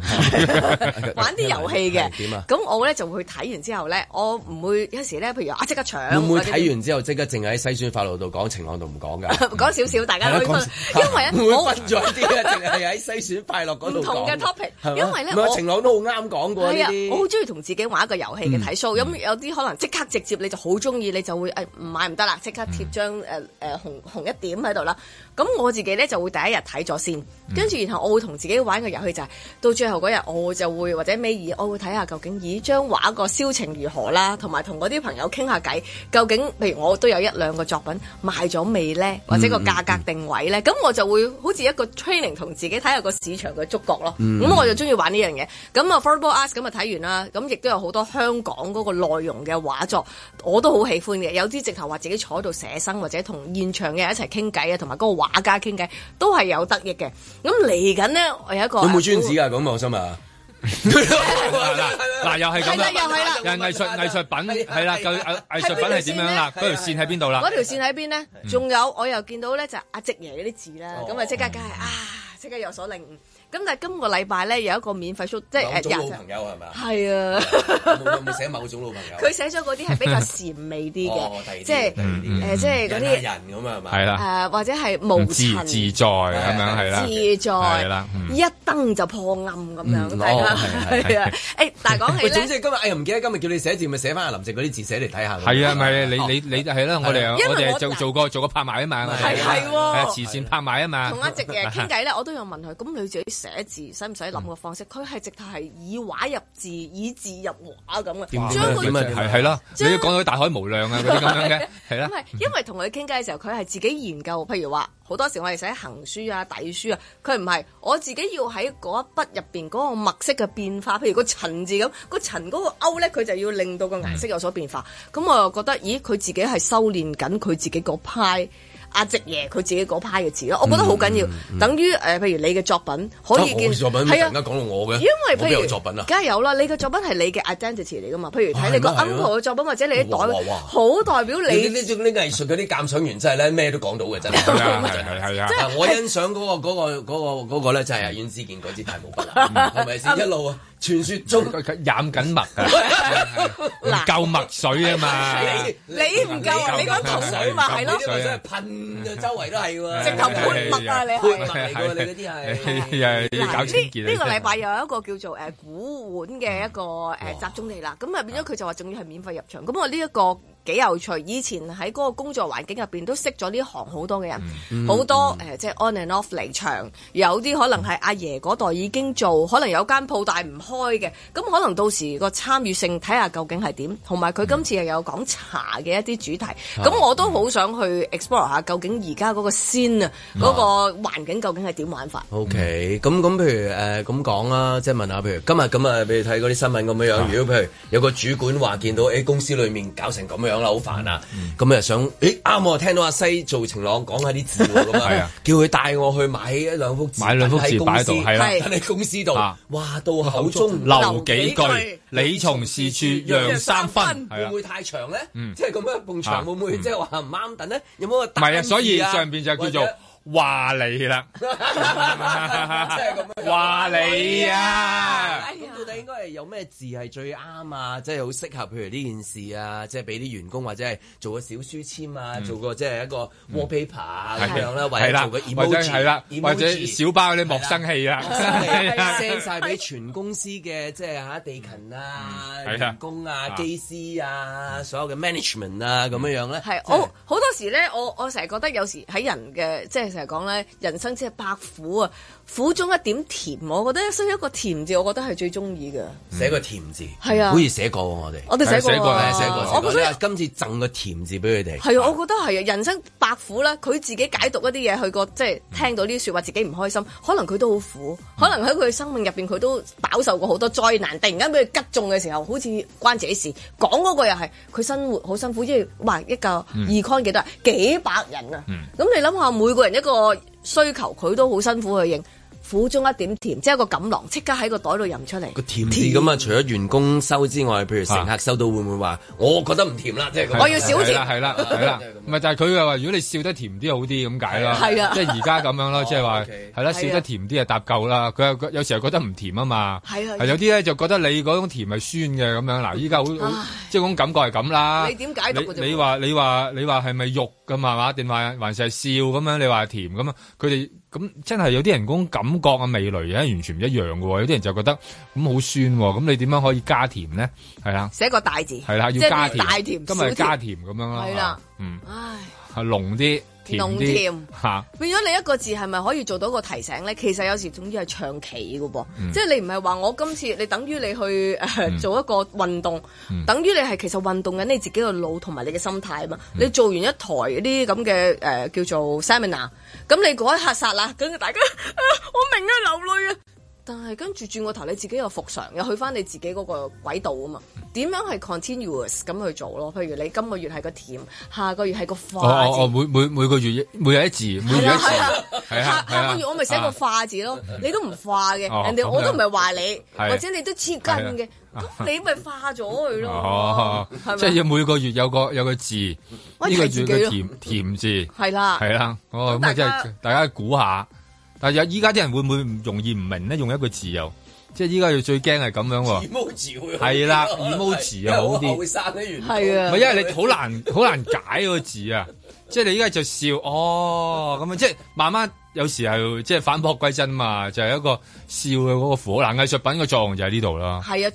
玩啲遊戲嘅，點啊？咁我咧就會去睇完之後咧，我唔會有時咧，譬如啊，即刻搶。會唔會睇完之後即刻淨係喺篩選快樂度講，晴朗度唔講噶？講少少，大家都因為我分咗啲，淨係喺篩選快樂嗰度講。唔同嘅 topic，因為咧我晴朗都好啱講噶呢啲。我好中意同自己玩一個遊戲嘅睇 show，咁有啲可能即刻直接你就好中意，你就會誒唔買唔得啦，即刻貼張誒誒紅紅一點喺度啦。咁我自己咧就會第一日睇咗先，跟住然後我會同自己玩個遊戲就係、是、到最後日我就會或者尾二，我會睇下究竟咦張畫個銷情如何啦，同埋同啲朋友傾下偈，究竟譬如我都有一兩個作品賣咗未咧，或者個價格定位咧，咁、嗯嗯、我就會好似一個 training 同自己睇下個市場嘅觸覺咯。咁、嗯嗯、我就中意玩呢樣嘢。咁啊，Affordable Art Fair 咁啊睇完啦，咁亦都有好多香港個內容嘅畫作，我都好喜歡嘅。有啲直頭話自己坐喺度寫生，或者同現場嘅人一齊傾偈啊，同埋個畫。大家傾偈都係有得益嘅，咁嚟緊呢，我有一個。有冇專字㗎咁我心啊？嗱，又係咁啊！又係啦，又係藝術藝術品，係啦，就藝術品係點樣啦？嗰條線喺邊度啦？嗰條線喺邊呢？仲有我又見到咧，就阿植爺嗰啲字咧，咁即刻梗係啊，即刻有所領悟。咁但係今個禮拜咧有一個免費 show，即係誒。老朋友係咪啊？係啊。冇咁寫某種老朋友。佢寫咗嗰啲係比較甜美啲嘅，即係誒，即係嗰啲。人咁啊嘛。係啦。誒或者係無塵自在咁樣係啦。自在啦，一登就破音咁樣，大家係啊。誒，但係講起，我總之今日哎呀唔記得今日叫你寫字，咪寫翻阿林夕嗰啲字寫嚟睇下。係啊，咪你你你係啦，我哋我哋做做個做個拍賣啊嘛。係係喎。慈善拍賣啊嘛。同阿夕爺傾偈咧，我都有問佢，咁女仔。寫字使唔使諗個方式？佢係、嗯、直頭係以畫入字，以字入畫咁嘅。點啊？點啊？係係咯。即係講嗰啲大海無量啊嗰啲咁嘅，係啦將。因為因為同佢傾偈嘅時候，佢係自己研究。譬如話，好多時我哋寫行書啊、隸書啊，佢唔係我自己要喺嗰一筆入邊嗰個墨色嘅變化。譬如個陳字咁，個陳嗰個勾咧，佢就要令到個顏色有所變化。咁、嗯、我又覺得，咦？佢自己係修煉緊佢自己嗰派。阿植、啊、爺佢自己嗰派嘅詞咯，嗯、我覺得好緊要，嗯、等於誒，譬、呃、如你嘅作品可以見，係啊，講到我嘅， 因為譬如有作品啊，梗係有啦，你嘅作品係你嘅 identity 嚟噶嘛，譬如睇你個 umbrella 嘅作品或者你啲袋，好、啊啊啊、代表你。呢啲呢啲藝術嗰啲鑑賞員咧，咩都講到嘅真係 啊！我欣賞嗰個嗰個嗰個嗰個咧，就係袁志健嗰支大毛筆，係咪先一路啊？ eux 傳說中佢飲緊墨啊！嗱，夠墨水啊嘛！你你唔夠，你講墨水嘛？係咯，啲嘢都係噴，周圍都係喎，直頭噴墨啊！你係，係你嗰啲係。嗱，呢個禮拜又有一個叫做誒古碗嘅一個誒集中地啦，咁啊變咗佢就話仲要係免費入場，咁我呢一個。幾有趣！以前喺嗰個工作環境入邊都識咗呢行好多嘅人，好多誒，即係 on and off 嚟場。有啲可能係阿爺嗰代已經做，可能有間鋪但唔開嘅。咁可能到時個參與性睇下究竟係點，同埋佢今次又有講茶嘅一啲主題。咁我都好想去 explore 下究竟而家嗰個先啊嗰個環境究竟係點玩法。OK，咁咁譬如誒咁講啦，即係問下，譬如今日咁啊，譬如睇嗰啲新聞咁樣樣。如果譬如有個主管話見到誒公司裡面搞成咁樣。兩樓煩啊，咁啊想，咦啱我聽到阿西做晴朗講下啲字喎，叫佢帶我去買一兩幅字，擺喺度，係啊，擺喺你公司度，話到口中留幾句，你從事處讓三分，會唔會太長咧？即係咁樣埲牆會唔會即係話唔啱？等咧，有冇個？唔係啊，所以上邊就叫做。話你啦，即係咁樣，話你啊！到底應該係有咩字係最啱啊？即係好適合，譬如呢件事啊，即係俾啲員工或者係做個小書簽啊，做個即係一個 wallpaper 咁樣咧，為做個 emoji，或者小包嗰啲莫生氣啊，send 晒俾全公司嘅即係吓地勤啊、員工啊、機師啊、所有嘅 management 啊咁樣樣咧。係，好好多時咧，我我成日覺得有時喺人嘅即係。成日講咧，人生只係百苦啊！苦中一點甜，我覺得寫一個甜字，我覺得係最中意嘅。嗯、寫個甜字，係啊，好似寫過喎，我哋。我哋寫，寫，寫過，寫過，我覺得今次贈個甜字俾佢哋。係啊，我覺得係啊，人生百苦啦。佢自己解讀一啲嘢，佢個即係聽到呢啲説話，嗯、自己唔開心。可能佢都好苦，嗯、可能喺佢嘅生命入邊，佢都飽受過好多災難。突然間俾佢吉中嘅時候，好似關自己事。講嗰個又係佢生活好辛苦，即係哇一嚿二 con 幾多人幾百人啊！咁、嗯嗯、你諗下，每個人一個需求，佢都好辛苦去應。苦中一點甜，即係個錦囊即刻喺個袋度飲出嚟。個甜啲咁啊！除咗員工收之外，譬如乘客收到，會唔會話我覺得唔甜啦？即係我要少甜。係啦，係啦，唔係就係佢又話：如果你笑得甜啲好啲咁解啦。即係而家咁樣咯，即係話係啦，笑得甜啲就搭夠啦。佢有佢時候覺得唔甜啊嘛。有啲咧就覺得你嗰種甜係酸嘅咁樣嗱。依家好，即係嗰種感覺係咁啦。你點解？你你話你話你話係咪肉嘅嘛嘛？定話還是係笑咁樣？你話甜咁啊？佢哋。咁真係有啲人工感覺啊，味蕾啊完全唔一樣嘅喎，有啲人就覺得咁好酸喎。哦，咁你點樣可以加甜咧？係啦，寫個大字係啦，的要加甜，的今日要加甜咁的樣啦，係啦的，嗯，唉，係濃啲。濃啲嚇，變咗你一個字係咪可以做到個提醒咧？其實有時總之係長期嘅噃，即係你唔係話我今次你等於你去誒做一個運動，等於你係其實運動緊你自己個腦同埋你嘅心態啊嘛。你做完一台嗰啲咁嘅誒叫做 seminar，咁你嗰一刻殺啦，咁大家啊，我明啊，流淚啊。但係跟住轉個頭，你自己又復常，又去翻你自己嗰個軌道啊嘛？點樣係 continuous 咁去做咯？譬如你今個月係個甜，下個月係個化字，每每每個月每日一字，下個月我咪寫個化字咯。你都唔化嘅，人哋我都唔係話你，或者你都接近嘅，咁你咪化咗佢咯。即係要每個月有個有個字，呢個月嘅甜甜字，係啦，係啦。咁啊，即係大家估下。但有依家啲人會唔會唔容易唔明咧？用一句字又，即係依家要最驚係咁樣喎。emoji 啦 e 又好啲。會生啲原嚟啊，唔係因為你好難好 難解，解個字啊！即係你依家就笑哦咁樣即係慢慢。 有時係即係反璞歸真嘛，就係一個笑嘅嗰個符號。嗱，藝術品嘅作用就喺呢度啦。係啊，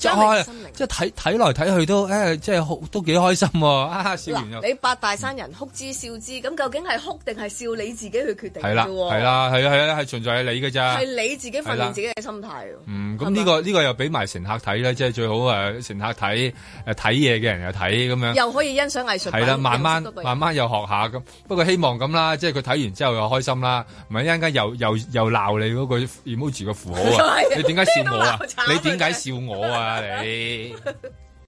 即係睇睇來睇去都誒，即係都幾開心喎！哈哈，笑完咗。你八大山人哭之笑之，咁究竟係哭定係笑？你自己去決定係啦，係啦，係啊，係啊，係存在喺你噶咋？係你自己訓練自己嘅心態。嗯，咁呢個呢個又俾埋乘客睇咧，即係最好誒，乘客睇誒睇嘢嘅人又睇咁樣，又可以欣賞藝術。係啦，慢慢慢慢又學下咁。不過希望咁啦，即係佢睇完之後又開心啦，一陣間又又又鬧你嗰個 emoji 嘅符號啊！你點解笑我啊？你點解笑我啊？你？